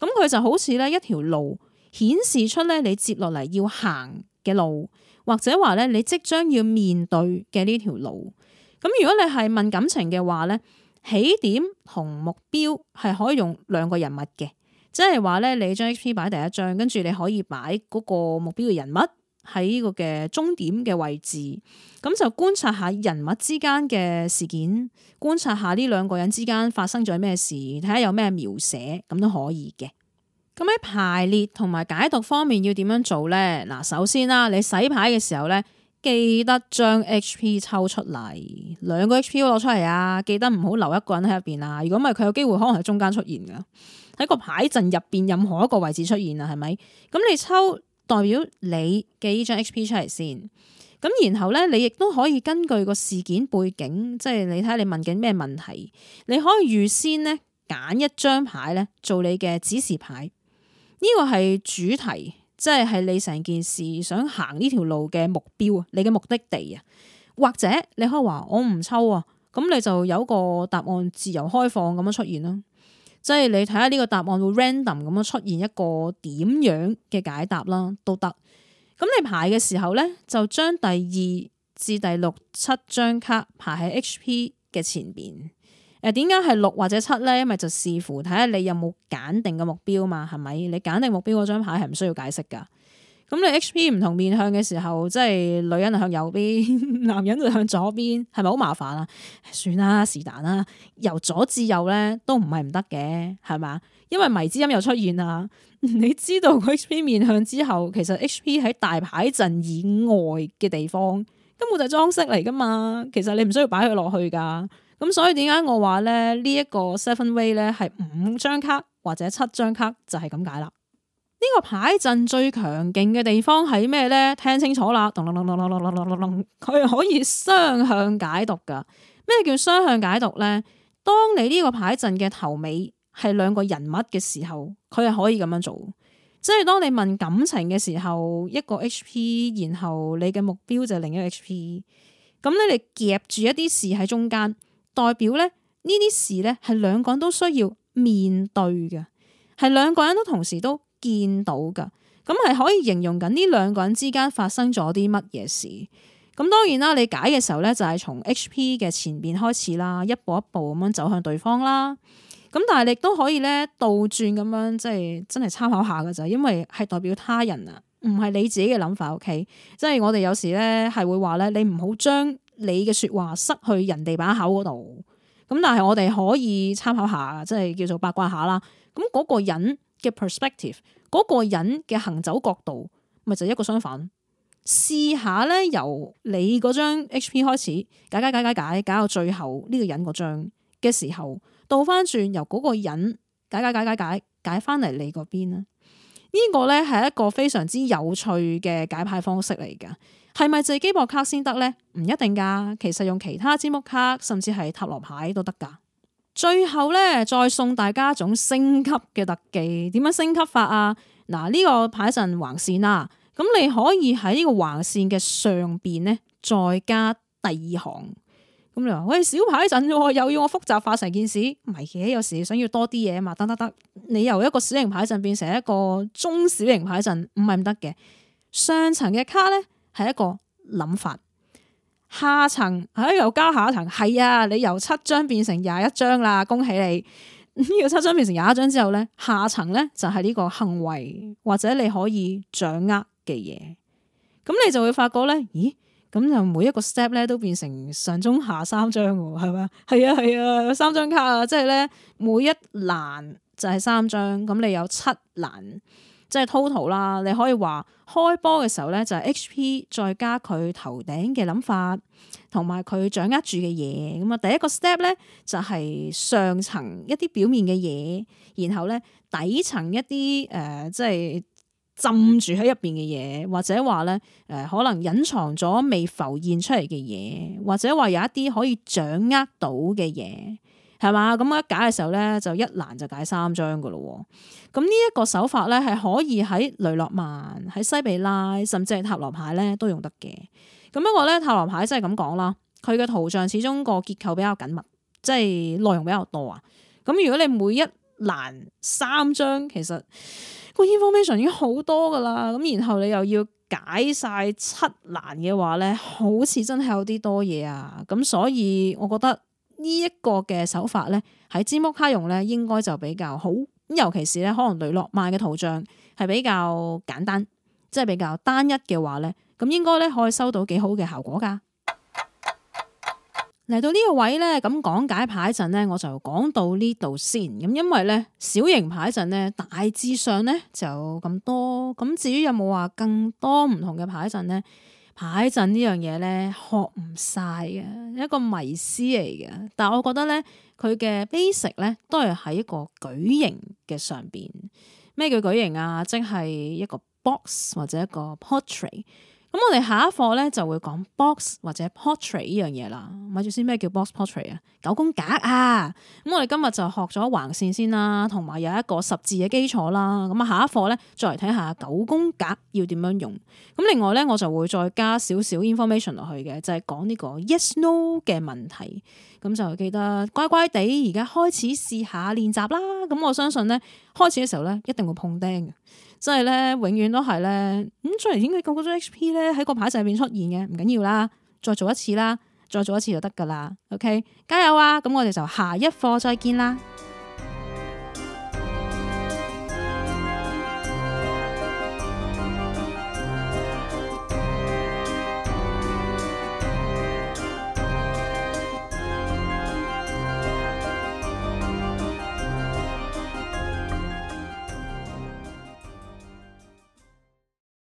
S1: 咁佢就好似咧一條路，顯示出咧你接落嚟要行嘅路，或者話咧你即將要面對嘅呢條路。咁如果你係問感情嘅話咧，起點同目標係可以用兩個人物嘅，即係話咧你將 HP 擺第一張，跟住你可以擺嗰個目標嘅人物。喺呢個嘅終點嘅位置，咁就觀察下人物之間嘅事件，觀察下呢兩個人之間發生咗咩事，睇下有咩描寫咁都可以嘅。咁喺排列同埋解讀方面要點樣做咧？嗱，首先啦，你洗牌嘅時候咧，記得將 HP 抽出嚟，兩個 HP 攞出嚟啊！記得唔好留一個人喺入邊啊！如果唔係，佢有機會可能喺中間出現㗎，喺個牌陣入邊任何一個位置出現啊，係咪？咁你抽。代表你嘅呢張 HP 出嚟先，咁然後咧，你亦都可以根據個事件背景，即係你睇下你問緊咩問題，你可以預先呢揀一張牌咧做你嘅指示牌。呢個係主題，即係係你成件事想行呢條路嘅目標啊，你嘅目的地啊，或者你可以話我唔抽啊，咁你就有一個答案自由開放咁樣出現囉。即係你睇下呢個答案會 random 咁樣出現一個點樣嘅解答啦，都得。咁你排嘅時候呢，就將第二至第六七張卡排喺 HP 嘅前邊。誒、呃，點解係六或者七呢？因為就視乎睇下你有冇揀定嘅目標嘛，係咪？你揀定目標嗰張牌係唔需要解釋噶。咁你 H.P 唔同面向嘅時候，即係女人就向右邊，男人就向左邊，係咪好麻煩啊？算啦，是但啦，由左至右咧都唔係唔得嘅，係咪？因為迷之音又出現啦，你知道個 H.P 面向之後，其實 H.P 喺大牌陣以外嘅地方根本就係裝飾嚟噶嘛，其實你唔需要擺佢落去噶。咁所以點解我話咧呢一個 Seven Way 咧係五張卡或者七張卡就係咁解啦。呢個牌陣最強勁嘅地方係咩咧？聽清楚啦，咚隆隆隆隆隆隆隆隆，佢係可以雙向解讀噶。咩叫雙向解讀咧？當你呢個牌陣嘅頭尾係兩個人物嘅時候，佢係可以咁樣做。即係當你問感情嘅時候，一個 HP，然後你嘅目標就係另一個 HP。咁咧，你夾住一啲事喺中間，代表咧呢啲事咧係兩個人都需要面對嘅，係兩個人都同時都。見到噶，咁係可以形容緊呢兩個人之間發生咗啲乜嘢事。咁當然啦，你解嘅時候咧就係從 H.P. 嘅前邊開始啦，一步一步咁樣走向對方啦。咁但係你都可以咧倒轉咁樣，即係真係參考下噶咋，因為係代表他人啊，唔係你自己嘅諗法。O.K.，即係我哋有時咧係會話咧，你唔好將你嘅說話塞去人哋把口嗰度。咁但係我哋可以參考下，即係叫做八卦下啦。咁嗰個人嘅 perspective，嗰個人嘅行走角度，咪就係一個相反。試下咧，由你嗰張 HP 開始解架解架解架解解，解到最後呢個人嗰張嘅時候，倒翻轉由嗰個人解架解架解架解架解解翻嚟你嗰邊啊！呢個咧係一個非常之有趣嘅解牌方式嚟噶。係咪自己博卡先得咧？唔一定噶，其實用其他占卜卡，甚至係塔羅牌都得噶。最後咧，再送大家一種升級嘅特技，點樣升級法啊？嗱，呢個牌陣橫線啦啊，咁你可以喺呢個橫線嘅上邊咧，再加第二行。咁你話喂，小牌陣哦，又要我複雜化成件事，唔係嘅，有時想要多啲嘢嘛，得得得，你由一個小型牌陣變成一個中小型牌陣，唔係唔得嘅，上層嘅卡咧係一個諗法。下層，唉、哎，又加下一層，係啊，你由七張變成廿一張啦，恭喜你！呢 個七張變成廿一張之後咧，下層咧就係呢個行為或者你可以掌握嘅嘢，咁你就會發覺咧，咦，咁就每一個 step 咧都變成上中下三張嘅，係咪？係啊係啊，有三張卡啊，即係咧每一欄就係三張，咁你有七欄。即係 total 啦，你可以話開波嘅時候咧，就係 HP 再加佢頭頂嘅諗法，同埋佢掌握住嘅嘢。咁啊，第一個 step 咧就係上層一啲表面嘅嘢，然後咧底層一啲誒即係浸住喺入邊嘅嘢，或者話咧誒可能隱藏咗未浮現出嚟嘅嘢，或者話有一啲可以掌握到嘅嘢。係嘛？咁我一解嘅時候咧，就一欄就解三張噶咯。咁呢一個手法咧，係可以喺雷諾曼、喺西比拉，甚至係塔羅牌咧，都用得嘅。咁不過咧，塔羅牌真係咁講啦，佢嘅圖像始終個結構比較緊密，即係內容比較多啊。咁如果你每一欄三張，其實個 information 已經好多噶啦。咁然後你又要解晒七欄嘅話咧，好似真係有啲多嘢啊。咁所以我覺得。呢一個嘅手法咧，喺尖木卡用咧，應該就比較好。尤其是咧，可能雷諾曼嘅圖像係比較簡單，即係比較單一嘅話咧，咁應該咧可以收到幾好嘅效果㗎。嚟到呢個位咧，咁講解牌陣咧，我就講到呢度先。咁因為咧小型牌陣咧，大致上咧就咁多。咁至於有冇話更多唔同嘅牌陣咧？排陣呢樣嘢咧，學唔晒嘅，一個迷思嚟嘅。但係我覺得咧，佢嘅 basic 咧都係喺一個矩形嘅上面。咩叫矩形啊？即係一個 box 或者一個 portrait。咁我哋下一課呢就會講 box 或者 portrait 呢樣嘢啦。咪住先，咩叫 box portrait 啊？九宮格啊！咁我哋今日就學咗橫線先啦，同埋有一個十字嘅基礎啦。咁啊下一課呢，再嚟睇下九宮格要點樣用。咁另外呢，我就會再加少少 information 落去嘅，就係講呢個 yes no 嘅問題。咁就記得乖乖地而家開始試下練習啦！咁我相信呢，開始嘅時候呢，一定會碰釘嘅，即係呢，永遠都係呢，咁。雖然點解個嗰 HP 呢，喺個牌上面出現嘅，唔緊要啦，再做一次啦，再做一次就得噶啦。OK，加油啊！咁我哋就下一課再見啦。